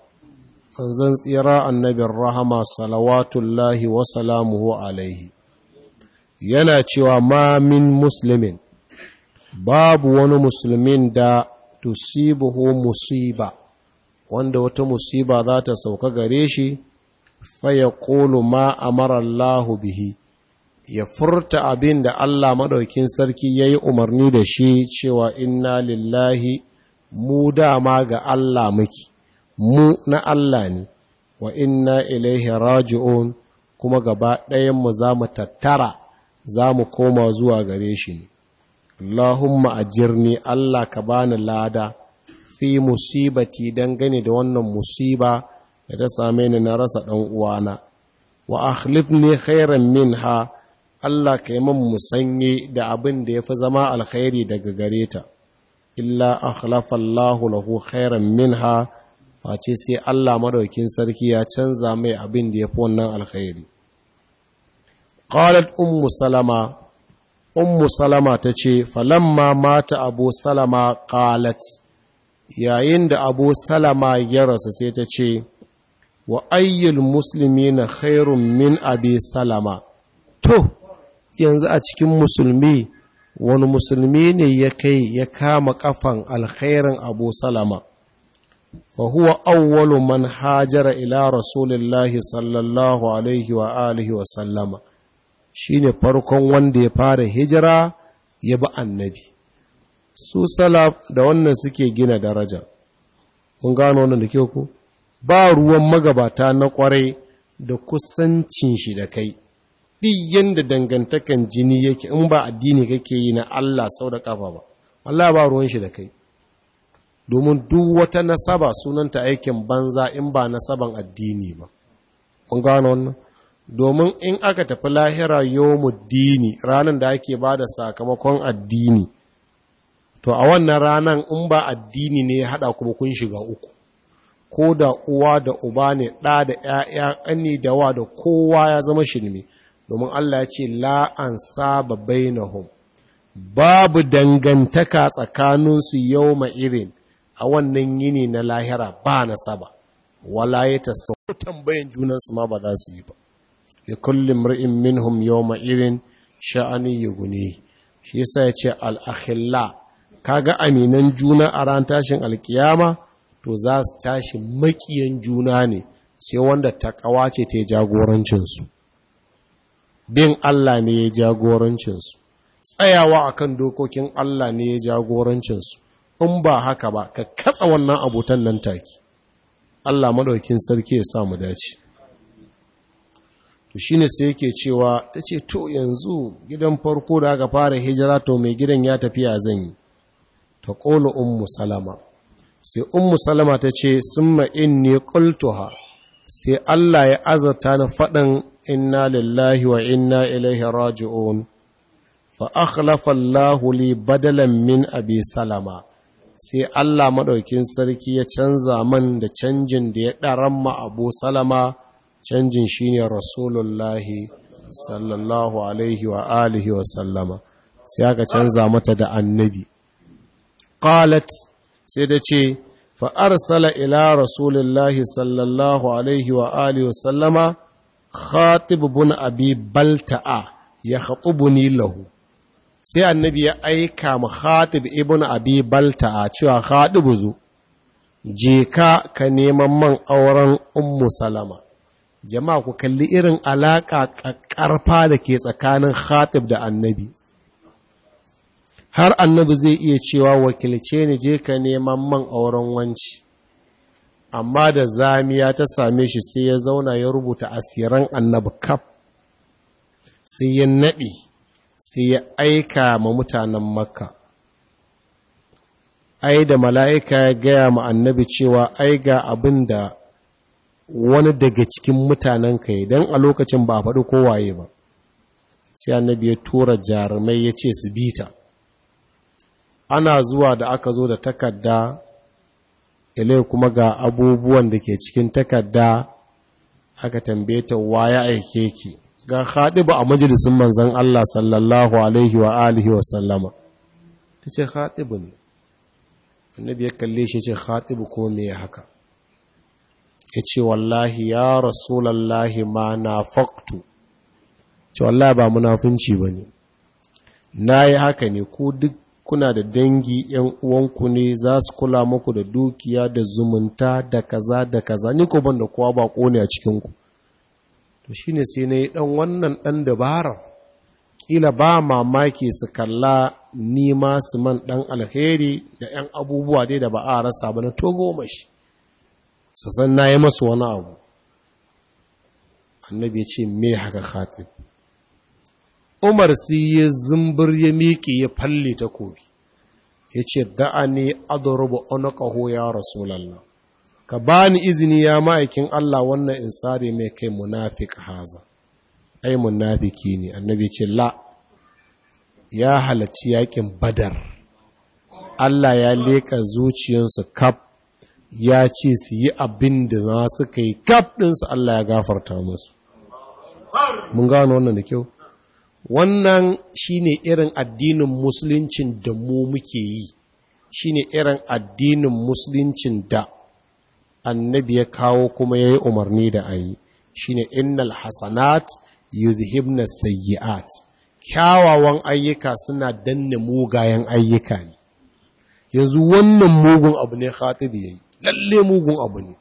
manzan tsira annabin rahama salawatullahi wa salamuhu alaihi yana cewa ma min musulmin, babu wani musulmin da tusibuhu musiba wanda wata musiba za ta sauka gare shi fayaqulu ma a marar Lahu bihi ya furta abin da Allah maɗaukin sarki ya yi umarni da shi cewa inna lillahi mu dama ga Allah muke, mu na Allah ne, wa inna ilaihi raji'un kuma gaba ɗayanmu za mu tattara za mu koma zuwa gare shi ne. Allahumma ajirni Allah ka bani lada fi musibati dangane da wannan musiba da ta same ni na rasa ɗan uwana wa ne khairan ha Allah ka yi min musanye da abin da ya fi zama alkhairi daga gare ta illa akhlafa Allahu lahu khairan ha. face sai Allah madaukin sarki ya canza mai abin da ya fi wannan alkhairi qalat ummu salama ummu salama ta ce falamma mata abu salama qalat yayin da abu salama ya rasu sai ta ce wa ayyul musulmi na khairun min abi salama to yanzu a cikin musulmi wani musulmi ne ya kai ya kama kafan alkhairin abu salama fa huwa awwalu man hajara ila rasulillahi sallallahu alaihi wa alihi wa sallama shine farkon wanda ya fara hijira ya bi annabi su salaf da wannan suke gina daraja mun gano wannan da ke ku. ba ruwan magabata na kwarai da kusancin shi da kai ɗin yanda dangantakan jini yake in ba addini kake yi na Allah sau da kafa ba Allah ba ruwan shi da kai domin duk wata nasaba sunanta aikin banza in ba nasaban addini ba kun gano wannan domin in aka tafi lahira dini ranar da ake ba da sakamakon addini to a wannan ranar in ba addini ne ya haɗa kuma kun shiga uku ko da uwa da uba ne ɗa da ‘ya'ya ƙani da wa da kowa ya zama shirme domin Allah ya ce la'an saba bainahum babu dangantaka tsakaninsu yau irin a wannan yini na lahira ba na saba wala ya ta sauko tambayin junansu ma ba za su yi ba da kullum min minhum yau irin sha'ani ya gune shi yasa ya ce Ka ga aminan juna a ran tashin alkiyama to za su tashi makiyan juna ne sai wanda ta ce ta yi jagorancinsu bin Allah ne ya jagorancinsu tsayawa akan dokokin Allah ne ya jagorancinsu in ba haka ba ka katsa wannan abotan nan take Allah madaukin sarki ya sa mu dace to shine sai yake cewa tace to yanzu gidan farko da aka fara hijira to mai gidan ya tafi zan zanyi ta qulu ummu salama sai ummu salama ta ce summa inni qultuha sai Allah ya azata ni faɗin inna lillahi wa inna ilaihi raji'un fa akhlafa Allahu li badalan min abi salama sai Allah maɗaukin sarki ya canza man da canjin da ya daran ma abu salama canjin shine rasulullahi sallallahu alaihi wa alihi wa sallama sai aka canza mata da annabi qalat sai da ce fa arsala ila rasulillahi sallallahu alaihi wa alihi wa sallama khatib abi balta'a ya ni lahu sai annabi ya aika mu khatib ibn abi balta'a cewa khatibu zu je ka ka neman man auren ummu salama jama'a ku kalli irin alaƙa ƙarfa da ke tsakanin khatib da annabi har annabi zai iya cewa wakilce ni je ka neman man auren wanci amma da zamiya ta same shi sai ya zauna ya rubuta asiran annabi kaf sai ya naɗi sai ya aika ma mutanen makka ai da mala'ika ya gaya ma annabi cewa ai ga abin da wani daga cikin mutanen ka yi don a lokacin ba a faɗi kowaye ba sai annabi ya tura jarumai ya ce su bita ana zuwa da aka zo da takarda ilai kuma ga abubuwan da ke cikin takarda aka tambaye ta ya aike ki ga khadiba a majalisin manzon Allah sallallahu alaihi wa alihi wa sallama tace khadibu ne annabi ya kalle shi ce khatibu ko me haka yace wallahi ya rasulullahi ma nafaqtu ce wallahi ba munafunci bane nayi haka ne ko duk kuna da dangi yan uwanku ne za su kula muku da dukiya da zumunta da kaza da kaza ni ko ban da kowa ba kone a cikin ku to shine sai na yi dan wannan dan dabarar kila ba mamaki su kalla ni ma su man dan alheri da yan abubuwa dai da ba a rasa ba na togo mashi su san na yi masu wani abu annabi ya ce me haka khatib umar sai ya zumbir ya miƙe ya falle takobi ya ce da'ani adrubu onakaho ya rasu rasulallah ka bani izini ya ma'aikin Allah wannan in sare mai kai munafik haza ai munafiki ne annabi ce la ya halarci yakin badar Allah ya leƙa zuciyarsu kaf ya ce su yi abin da za su kai kaf ɗinsu Allah ya gafarta masu. mun gano wannan da kyau wannan shine irin addinin musuluncin da mu muke yi shine irin addinin musuluncin da annabi ya kawo kuma ya yi umarni da a yi shine innal hasanat yuzhibna sayyi'at kyawawan ayyuka suna danne mugayen ayyuka ne yanzu wannan mugun abu ne khatibi yayi lalle mugun abu ne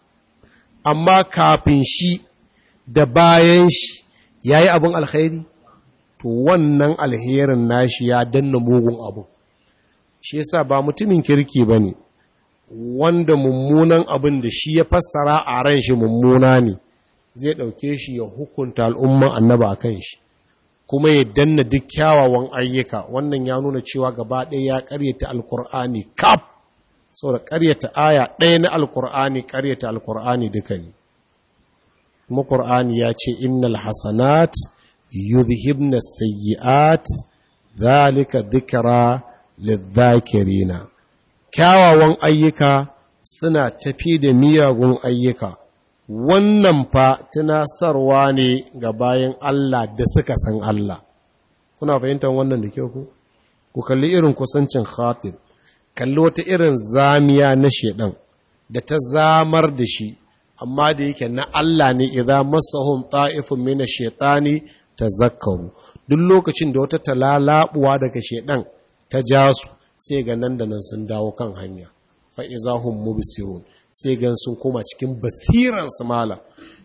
amma kafin shi da bayan shi yayi abin alkhairi to wannan alherin nashi ya danna mugun abu shi yasa ba mutumin kirki ba ne wanda mummunan abin da shi ya fassara a ran shi mummuna ne zai dauke shi ya hukunta al'umma annaba kan shi kuma ya danna duk kyawawan ayyuka wannan ya nuna cewa gaba ɗaya ya karyata alkur'ani kaf saboda karyata aya ɗaya na alkur'ani karyata alkur'ani duka ne kuma ya ce innal hasanat yubhibna sayyi'at zalika dhikra lidh-dhakirina kyawawan ayyuka suna tafi da miyagun ayyuka wannan fa tunasarwa ne ga bayan Allah da suka san Allah kuna fahimtar wannan da kyau ku ku kalli irin kusancin khatib kalli wata irin zamiya na shedan da ta zamar da shi amma da yake na Allah ne idan masahum ta'ifun mina shaitani ta zakaru duk lokacin da wata talalabuwa daga shedan ta ja su sai ga nan da nan sun dawo kan hanya fa'izahun mubisirun sai gan sun koma cikin basiran su mala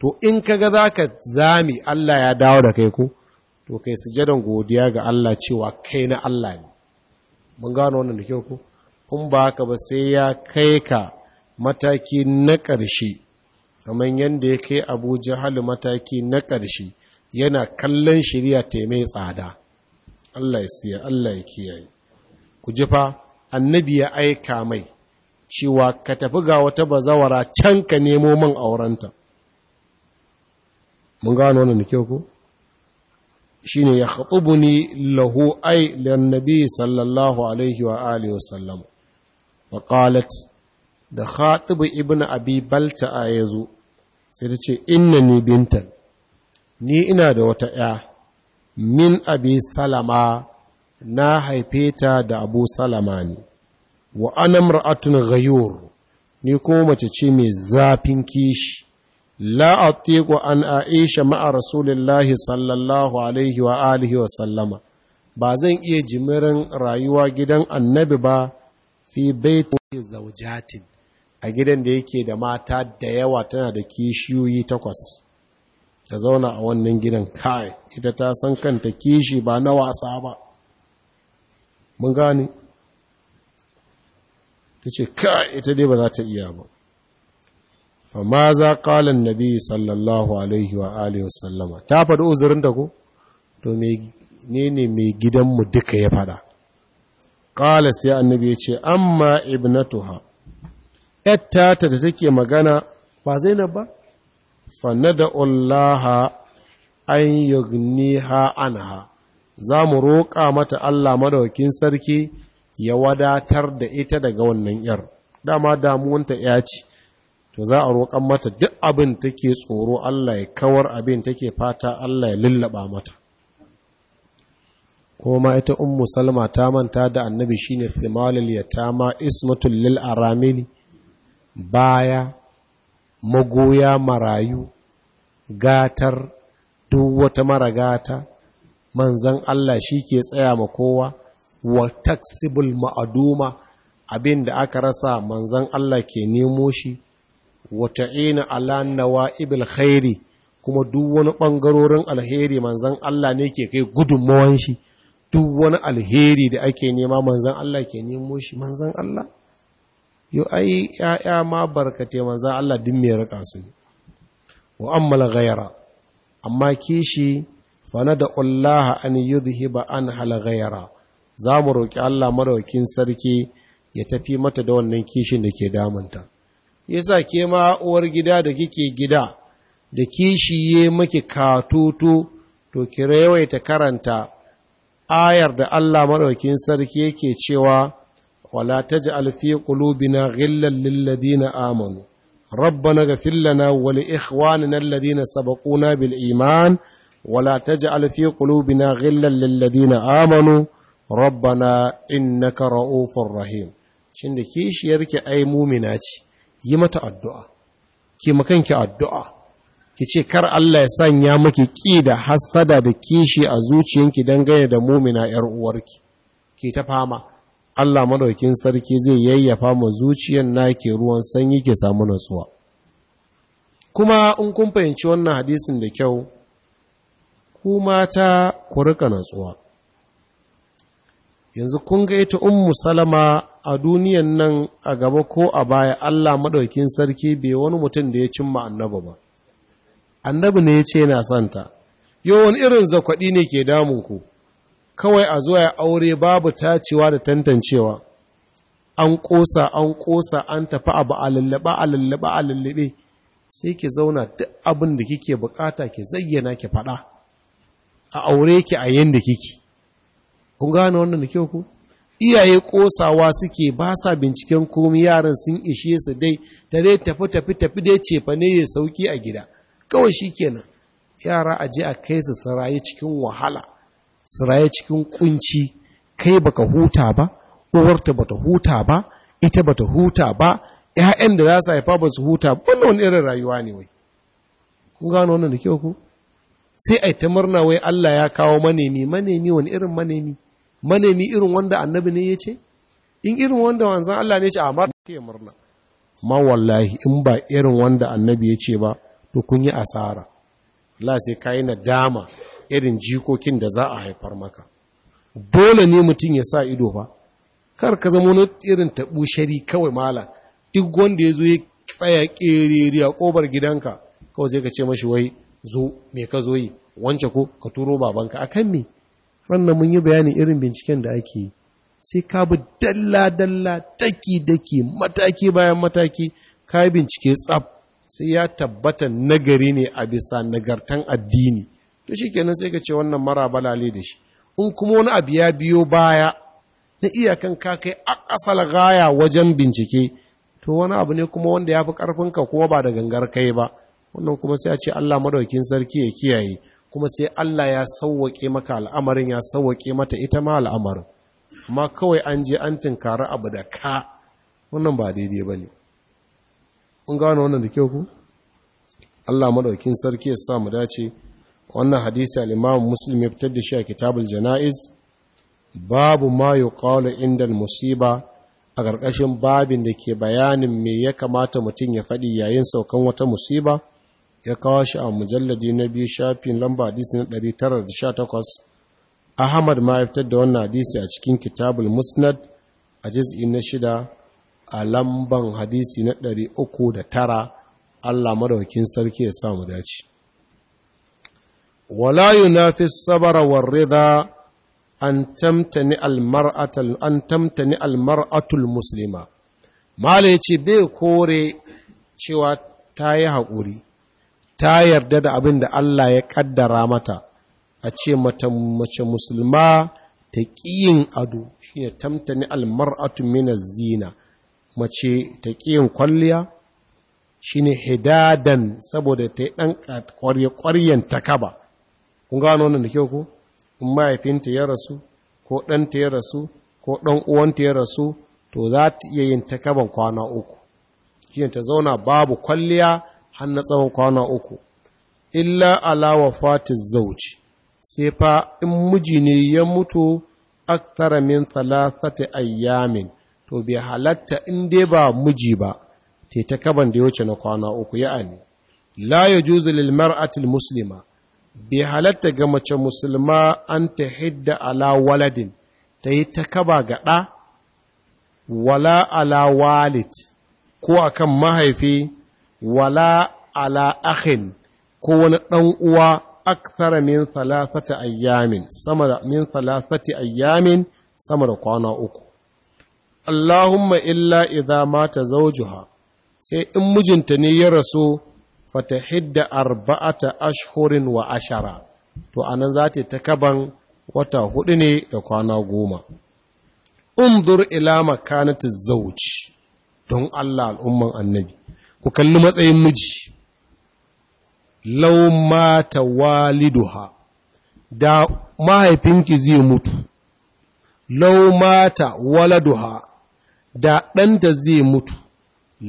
to in kaga zaka zami Allah ya dawo da kai ko to kai sujadan godiya ga Allah cewa kai na Allah ne mun gano wannan da kyau ko in ba haka ba sai ya kai ka mataki na ƙarshe kamar yadda ya kai Abuja Jahal mataki na ƙarshe yana kallon shirya ta mai tsada Allah ya siya Allah ya kiyaye ku jifa fa annabi ya aika mai cewa ka tafi ga wata bazawara can ka nemo man aurenta mun gano wannan kyau ko shine ya khatubuni lahu lan nabi sallallahu alaihi wa alihi wa sallam wa qalat da khatib ibn abi balta ayazu sai ta ce innani bintan ni ina da wata ya min abi salama na haife ta da abu salama ne wa ana mar'atun gayur ni kuma mace ce mai zafin kishi la an aisha ma'a rasulillahi sallallahu alaihi wa alihi wa sallama ba zan iya jimirin rayuwa gidan annabi ba fi baiti zaujatin a gidan da yake da mata da yawa tana da kishiyoyi takwas ta zauna a wannan gidan kai ita ta san kanta kishi ba na wasa ba mun gane ta ce kai ita dai ba za ta iya ba fama za kalan nabi sallallahu alaihi wa alihi wasallama ta faɗi da ko to ne ne mai gidanmu duka ya faɗa kala sai annabi ya ce amma ibnatuha yattata da take magana ba zainab ba fanada'ullaha an yugniha anha za mu roƙa mata Allah madaukin sarki ya wadatar da ita daga wannan ‘yar, dama damuwanta ‘ya ce, to za a roƙan mata duk abin take tsoro Allah ya kawar abin take fata Allah ya lullaba mata. Kuma ita Ummu Salma ta manta da annabi shine Thimalil Yatama Ismatul Lil Aramili baya magoya marayu gatar duk wata mara gata manzan Allah shi ke tsaya ma kowa wa taksibul ma'aduma abin da aka rasa manzan Allah ke nemo shi wata ta'ina ala ibil khairi kuma duk wani ɓangarorin alheri manzan Allah ne ke kai gudunmawan shi duk wani alheri da ake nema manzan Allah ke nemo shi manzan Allah yo ai ya'ya ma barkate manzan Allah din mai rika su ne wa ammal ghayra amma kishi fa da Allah an yudhiba an hal ghayra za mu roki Allah madaukin sarki ya tafi mata da wannan kishin da ke damunta yasa ke ma uwar gida da kike gida da kishi ye maki katutu to ki yawaita karanta ayar da Allah madaukin sarki yake cewa wala taj'al fi qulubina ghillan lil ladina amanu ربنا اغفر لنا ولإخواننا الذين سبقونا بالإيمان ولا تجعل في قلوبنا غلا للذين آمنوا ربنا إنك رؤوف رحيم shin kishiyar ki ai mumina ce yi mata addu'a ki makanki addu'a ki ce kar Allah ya sanya maki ƙi da hassada da kishi a zuciyanki dangane da mumina ‘yar uwarki ki ta fama Allah madaukin sarki zai yayyafa ma zuciyar nake ruwan sanyi ke samu natsuwa kuma in kun fahimci wannan hadisin da kyau ku mata ku rika natsuwa yanzu kun ga ita ummu salama a duniyan nan a gaba ko a baya Allah madaukin sarki bai wani mutum da ya cimma annabi ba annabi ne ya ce yana santa yau wani irin zakwaɗi ne ke damun ku kawai a zuwa ya aure babu tacewa da tantancewa an ƙosa an ƙosa an tafi abu a lullaba a lullaba a lullube sai ki zauna duk abin da kike bukata ki zayyana ki faɗa a aure ki a da kike kun gane wannan da kyau ku iyaye ƙosawa suke ba sa binciken komi yaran sun ishe su dai tare tafi tafi tafi dai cefa ne ya sauki a gida kawai shikenan yara a je a kai su sarayi cikin wahala su cikin kunci kai baka huta ba uwarta bata huta ba ita bata huta ba ƴaƴan da za su haifa ba su huta ba wannan wani irin rayuwa ne wai kun gano wannan da kyau ku sai ai ta murna wai Allah ya kawo manemi manemi wani irin manemi manemi irin wanda annabi ne ya ce in irin wanda wanzan Allah ne ya ce a mar ke murna amma wallahi in ba irin wanda annabi ya ce ba to kun yi asara Allah sai kai na dama irin jikokin da za a haifar maka dole ne mutum ya sa ido ba kar ka zama wani irin taɓu shari kawai mala duk wanda ya zo ya tsaya ƙerere a ƙobar gidanka kawai zai ka ce mashi wai zo me ka zo yi wance ko ka turo babanka A kan me rannan mun yi bayanin irin binciken da ake yi sai ka bi dalla-dalla daki-daki mataki bayan mataki ka bincike tsab sai ya tabbata nagari ne a bisa nagartan addini to shi kenan sai ka ce wannan mara balale da shi in kuma wani abu ya biyo baya na iyakan ka kai akasal gaya wajen bincike to wani abu ne kuma wanda ya fi ƙarfinka kuma ba da gangar kai ba wannan kuma sai a ce Allah madaukin sarki ya kiyaye kuma sai Allah ya sauwaƙe maka al'amarin ya sauwaƙe mata ita ma al'amarin amma kawai an je an tinkara abu da ka wannan ba daidai ba ne kun gano wannan da kyau ku Allah madaukin sarki ya sa mu dace wannan hadisi al’imam muslim ya fitar da shi a kitabul jana'iz babu ma yuqalu inda musiba a ƙarƙashin babin da ke bayanin me ya kamata mutum ya faɗi yayin saukan wata musiba ya kawo shi a mujalladi na biyu shafin lamba hadisi na 918 ahmad ma ya fitar da wannan hadisi a cikin kitabul musnad a juz'i na shida a lamban hadisi na 309 Allah madaukakin sarki ya samu dace wala yunafi sabara war rida an tamtani almar'atul an tamtani almar'atul muslima mala yace bai kore cewa ta yi haƙuri ta yarda da abin da Allah ya ƙaddara mata a ce mace musulma ta ƙiyin ado shine tamtani almar'atu min zina mace ta ƙiyin kwalliya shine hidadan saboda ta yi ɗan ƙwaryen takaba kun gano wannan da kyau ko in mahaifinta ya rasu ko ɗanta ya rasu ko ɗan uwanta ya rasu to za ta iya yin ta kaban kwana uku shi ta zauna babu kwalliya har na tsawon kwana uku illa ala wafati zauci sai fa in miji ne ya mutu aktara min thalathati ayyamin to bai halatta in dai ba miji ba te ta kaban da ya wuce na kwana uku ya ani la yajuzu lil mar'ati muslima bai halatta ga mace musulma an ta hidda ala waladin ta yi ta kaba ga wala ala walid ko akan mahaifi wala ala akhin ko wani ɗan uwa akthar min thalathati ayyamin sama min thalathati ayyamin sama da kwana uku Allahumma illa idza mata zawjuha sai in mijinta ne ya rasu fata hidda arba'ata ashhurin wa ashara to anan za ta ta kaban wata hudu ne da kwana goma umdur ila makanati zauj don Allah al'umman annabi ku kalli matsayin miji law mata waliduha da mahaifinki zai mutu law mata waladuha da ɗanta zai mutu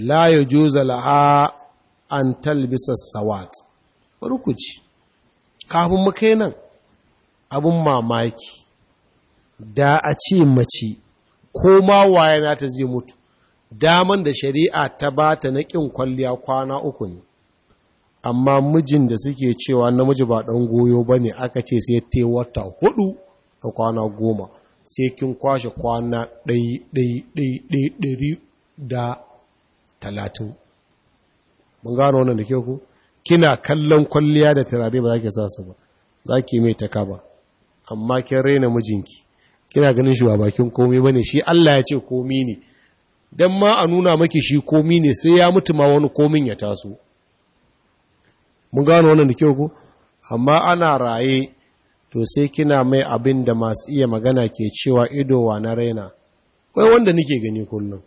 la ya laha an talbisa sawat ji. kafin mu kai nan abin mamaki da a ce mace ko ma waye na ta zai mutu daman da shari'a ta ba ta na ƙin kwalliya kwana uku ne amma mijin da suke cewa namiji ba ɗan goyo ba ne aka ce sai ta wata hudu da kwana goma sai kin kwashe kwana ɗai ɗai ɗai ɗari da talatin mun gano wannan da ke ku kina kallon kwalliya da turare ba za ki sa su ba za ki mai taka ba amma kin raina mijinki kina ganin shi ba bakin komai ne shi Allah ya ce komi ne Don ma a nuna maki shi komi ne sai ya mutu ma wani komin ya taso mun gano wannan da ke ku amma ana raye to sai kina mai abin da masu iya magana ke cewa idowa na raina wai wanda nake gani kullum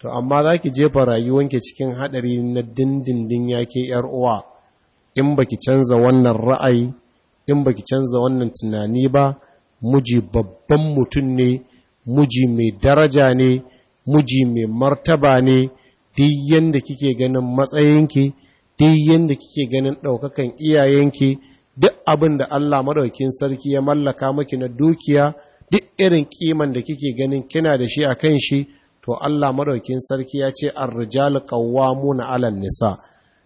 to amma za ki jefa rayuwanki cikin haɗari na dindindin yake ‘yar uwa in ba ki canza wannan ra'ayi in ba ki canza wannan tunani ba muji babban mutum ne muji mai daraja ne muji mai martaba ne duk kike ganin matsayinki duk yanda kike ganin ɗaukakan iyayenki duk abin da Allah maɗaukin sarki ya mallaka maki na dukiya duk irin kiman da kike ganin kina da shi a kan shi to Allah madaukin sarki ya ce ar-rijalu qawwamuna 'alan nisa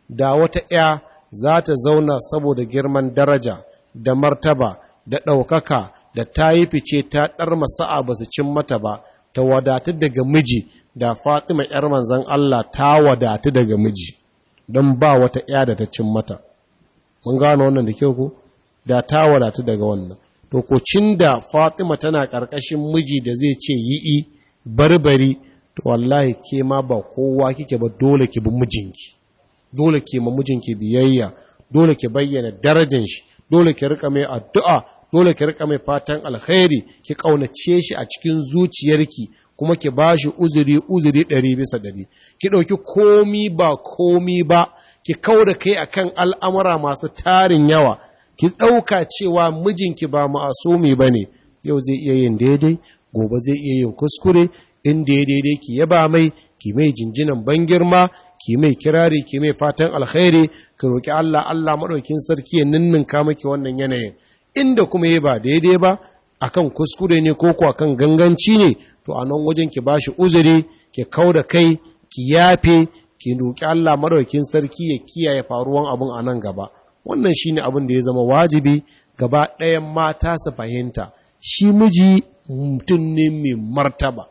da wata ya za ta zauna saboda girman daraja da martaba da ɗaukaka da ta yi fice ta ɗar masa ba su cin mata ba ta wadatu daga miji da fatima ƴar manzan Allah ta wadatu daga miji don ba wata ‘ya da ta cin mata mun gano wannan da kyau ku da ta wadatu daga wannan to ko cin da fatima tana ƙarƙashin miji da zai ce yi'i barbari to wallahi ke ma ba kowa kike ba dole ki bi mijinki dole ke ma mijinki biyayya dole ki bayyana darajar shi dole ki rika mai addu'a dole ki rika mai fatan alkhairi ki kaunace shi a cikin zuciyarki kuma ki bashi uzuri uzuri ɗari bisa ɗari ki ɗauki komi ba komi ba ki kauda kai akan al'amura masu tarin yawa ki ɗauka cewa mijinki ba ma'asumi ba ne yau zai iya yin daidai gobe zai iya yin kuskure inda ya daidai ki yaba mai ki mai jinjinan ban girma ki mai kirari ki mai fatan alkhairi ki roki Allah Allah madaukin sarki ya ninninka miki wannan yanayin inda kuma ya ba daidai ba akan kuskure ne ko ko akan ganganci ne to a nan wajen ki bashi uzuri ki kauda kai ki yafe ki roki Allah madaukin sarki ya kiyaye faruwan abun a nan gaba wannan shine abin da ya zama wajibi gaba ɗayan mata su fahimta shi miji mutum ne mai martaba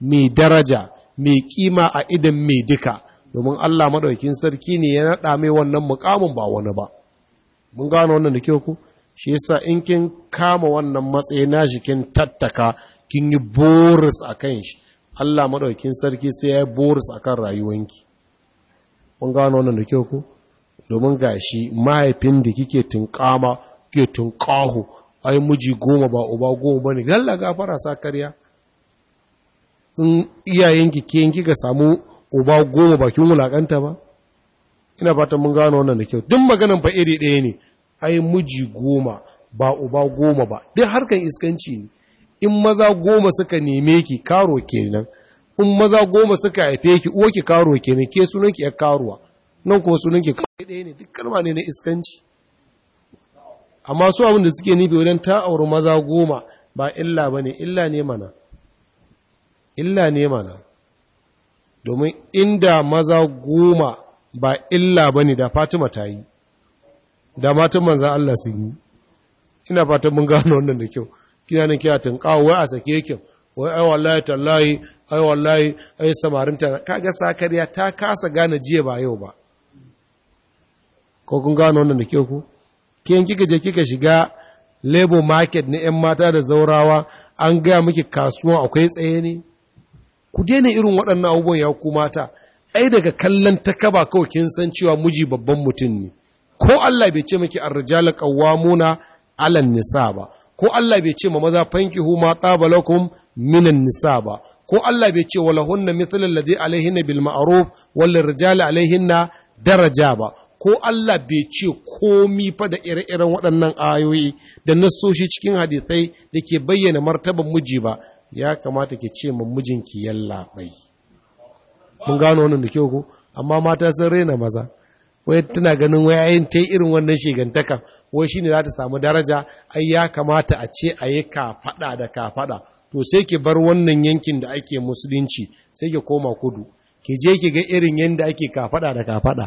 mai daraja mai kima a idan mai duka domin Allah madaukin sarki ne ya naɗa mai wannan mukamin ba wani ba mun gano wannan da kyau ku shi yasa in kin kama wannan matsayi na shi kin tattaka kin yi boris a shi Allah madaukin sarki sai ya yi boris akan kan rayuwanki mun gano wannan da kyau ku domin gashi mahaifin da kike tunkama kike tunkaho ai miji goma ba uba goma bane lalla gafara sa karya in iyayen ki ke kika samu uba goma bakin wulakanta ba ina fatan mun gano wannan da kyau duk maganan fa iri ɗaya ne ai miji goma ba uba goma ba duk harkan iskanci ne in maza goma suka neme ki karo kenan in maza goma suka haife ki uwa ki karo kenan ke sunan ki karuwa nan kuma sunan ki kai ɗaya ne duk kalma ne na iskanci amma su abin da suke nufi wajen ta auri maza goma ba illa bane illa ne mana illa ne mana domin inda maza goma ba illa ba ne da fatima ta yi da matan manzan Allah sun yi ina fatan mun gano wannan da kyau kina nan kina kawo wai a sake yake wai ai wallahi tallahi ai wallahi ai samarin ta kaga sakariya ta kasa gane jiya ba yau ba ko kun gano wannan da kyau ku kiyan kika je kika shiga labor market na yan mata da zaurawa an gaya miki kasuwa akwai tsaye ne ku daina irin waɗannan abubuwan ya ku mata ai daga kallon ta kaba kawai kin san cewa miji babban mutum ne ko Allah bai ce miki arrijala qawwamuna 'alan nisa ba ko Allah bai ce ma maza fankihu ma qabalakum minan nisa ba ko Allah bai ce walahunna mithlu alladhi alaihinna bil ma'ruf wal rijali alaihinna daraja ba ko Allah bai ce komi fa da ire-iren waɗannan ayoyi da nassoshi cikin hadisai da ke bayyana martaban miji ba ya kamata ki ce min mijinki yalla bai mun gano wannan da kyau ko amma mata sun rena maza wai tana ganin wai ayin ta irin wannan shigantaka wai shine za ta samu daraja ai ya kamata a ce a yi kafaɗa da kafaɗa to sai ki bar wannan yankin da ake musulunci sai ki koma kudu ki je ki ga irin yanda ake kafaɗa da kafaɗa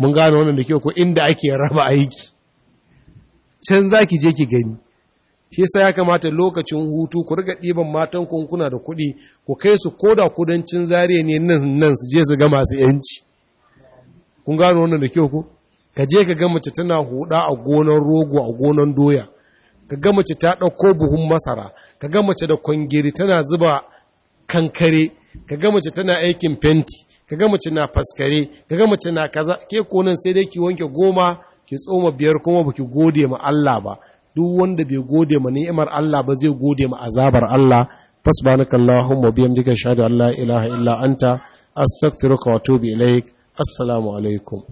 mun gano wannan da kyau ko inda ake raba aiki can za ki je ki gani shi sa ya kamata lokacin hutu ku riga ɗiban matan kunkuna da kuɗi ku kai su koda kudancin zariya ne nan nan su je su ga masu yanci kun gano wannan da kyau ku ka je ka ga mace tana huda a gonan rogo a gonan doya ka ga mace ta ɗauko buhun masara ka ga mace da kwangiri tana zuba kankare ka ga mace tana aikin fenti ka ga mace na faskare ka ga mace na kaza ke konan sai dai ki wanke goma ki tsoma biyar kuma baki gode ma Allah ba duk wanda bai gode ma ni'imar Allah ba zai gode ma azabar Allah fasbanaka Allahumma bihamdika shahadu an la ilaha illa anta astaghfiruka wa atubu ilaik assalamu alaikum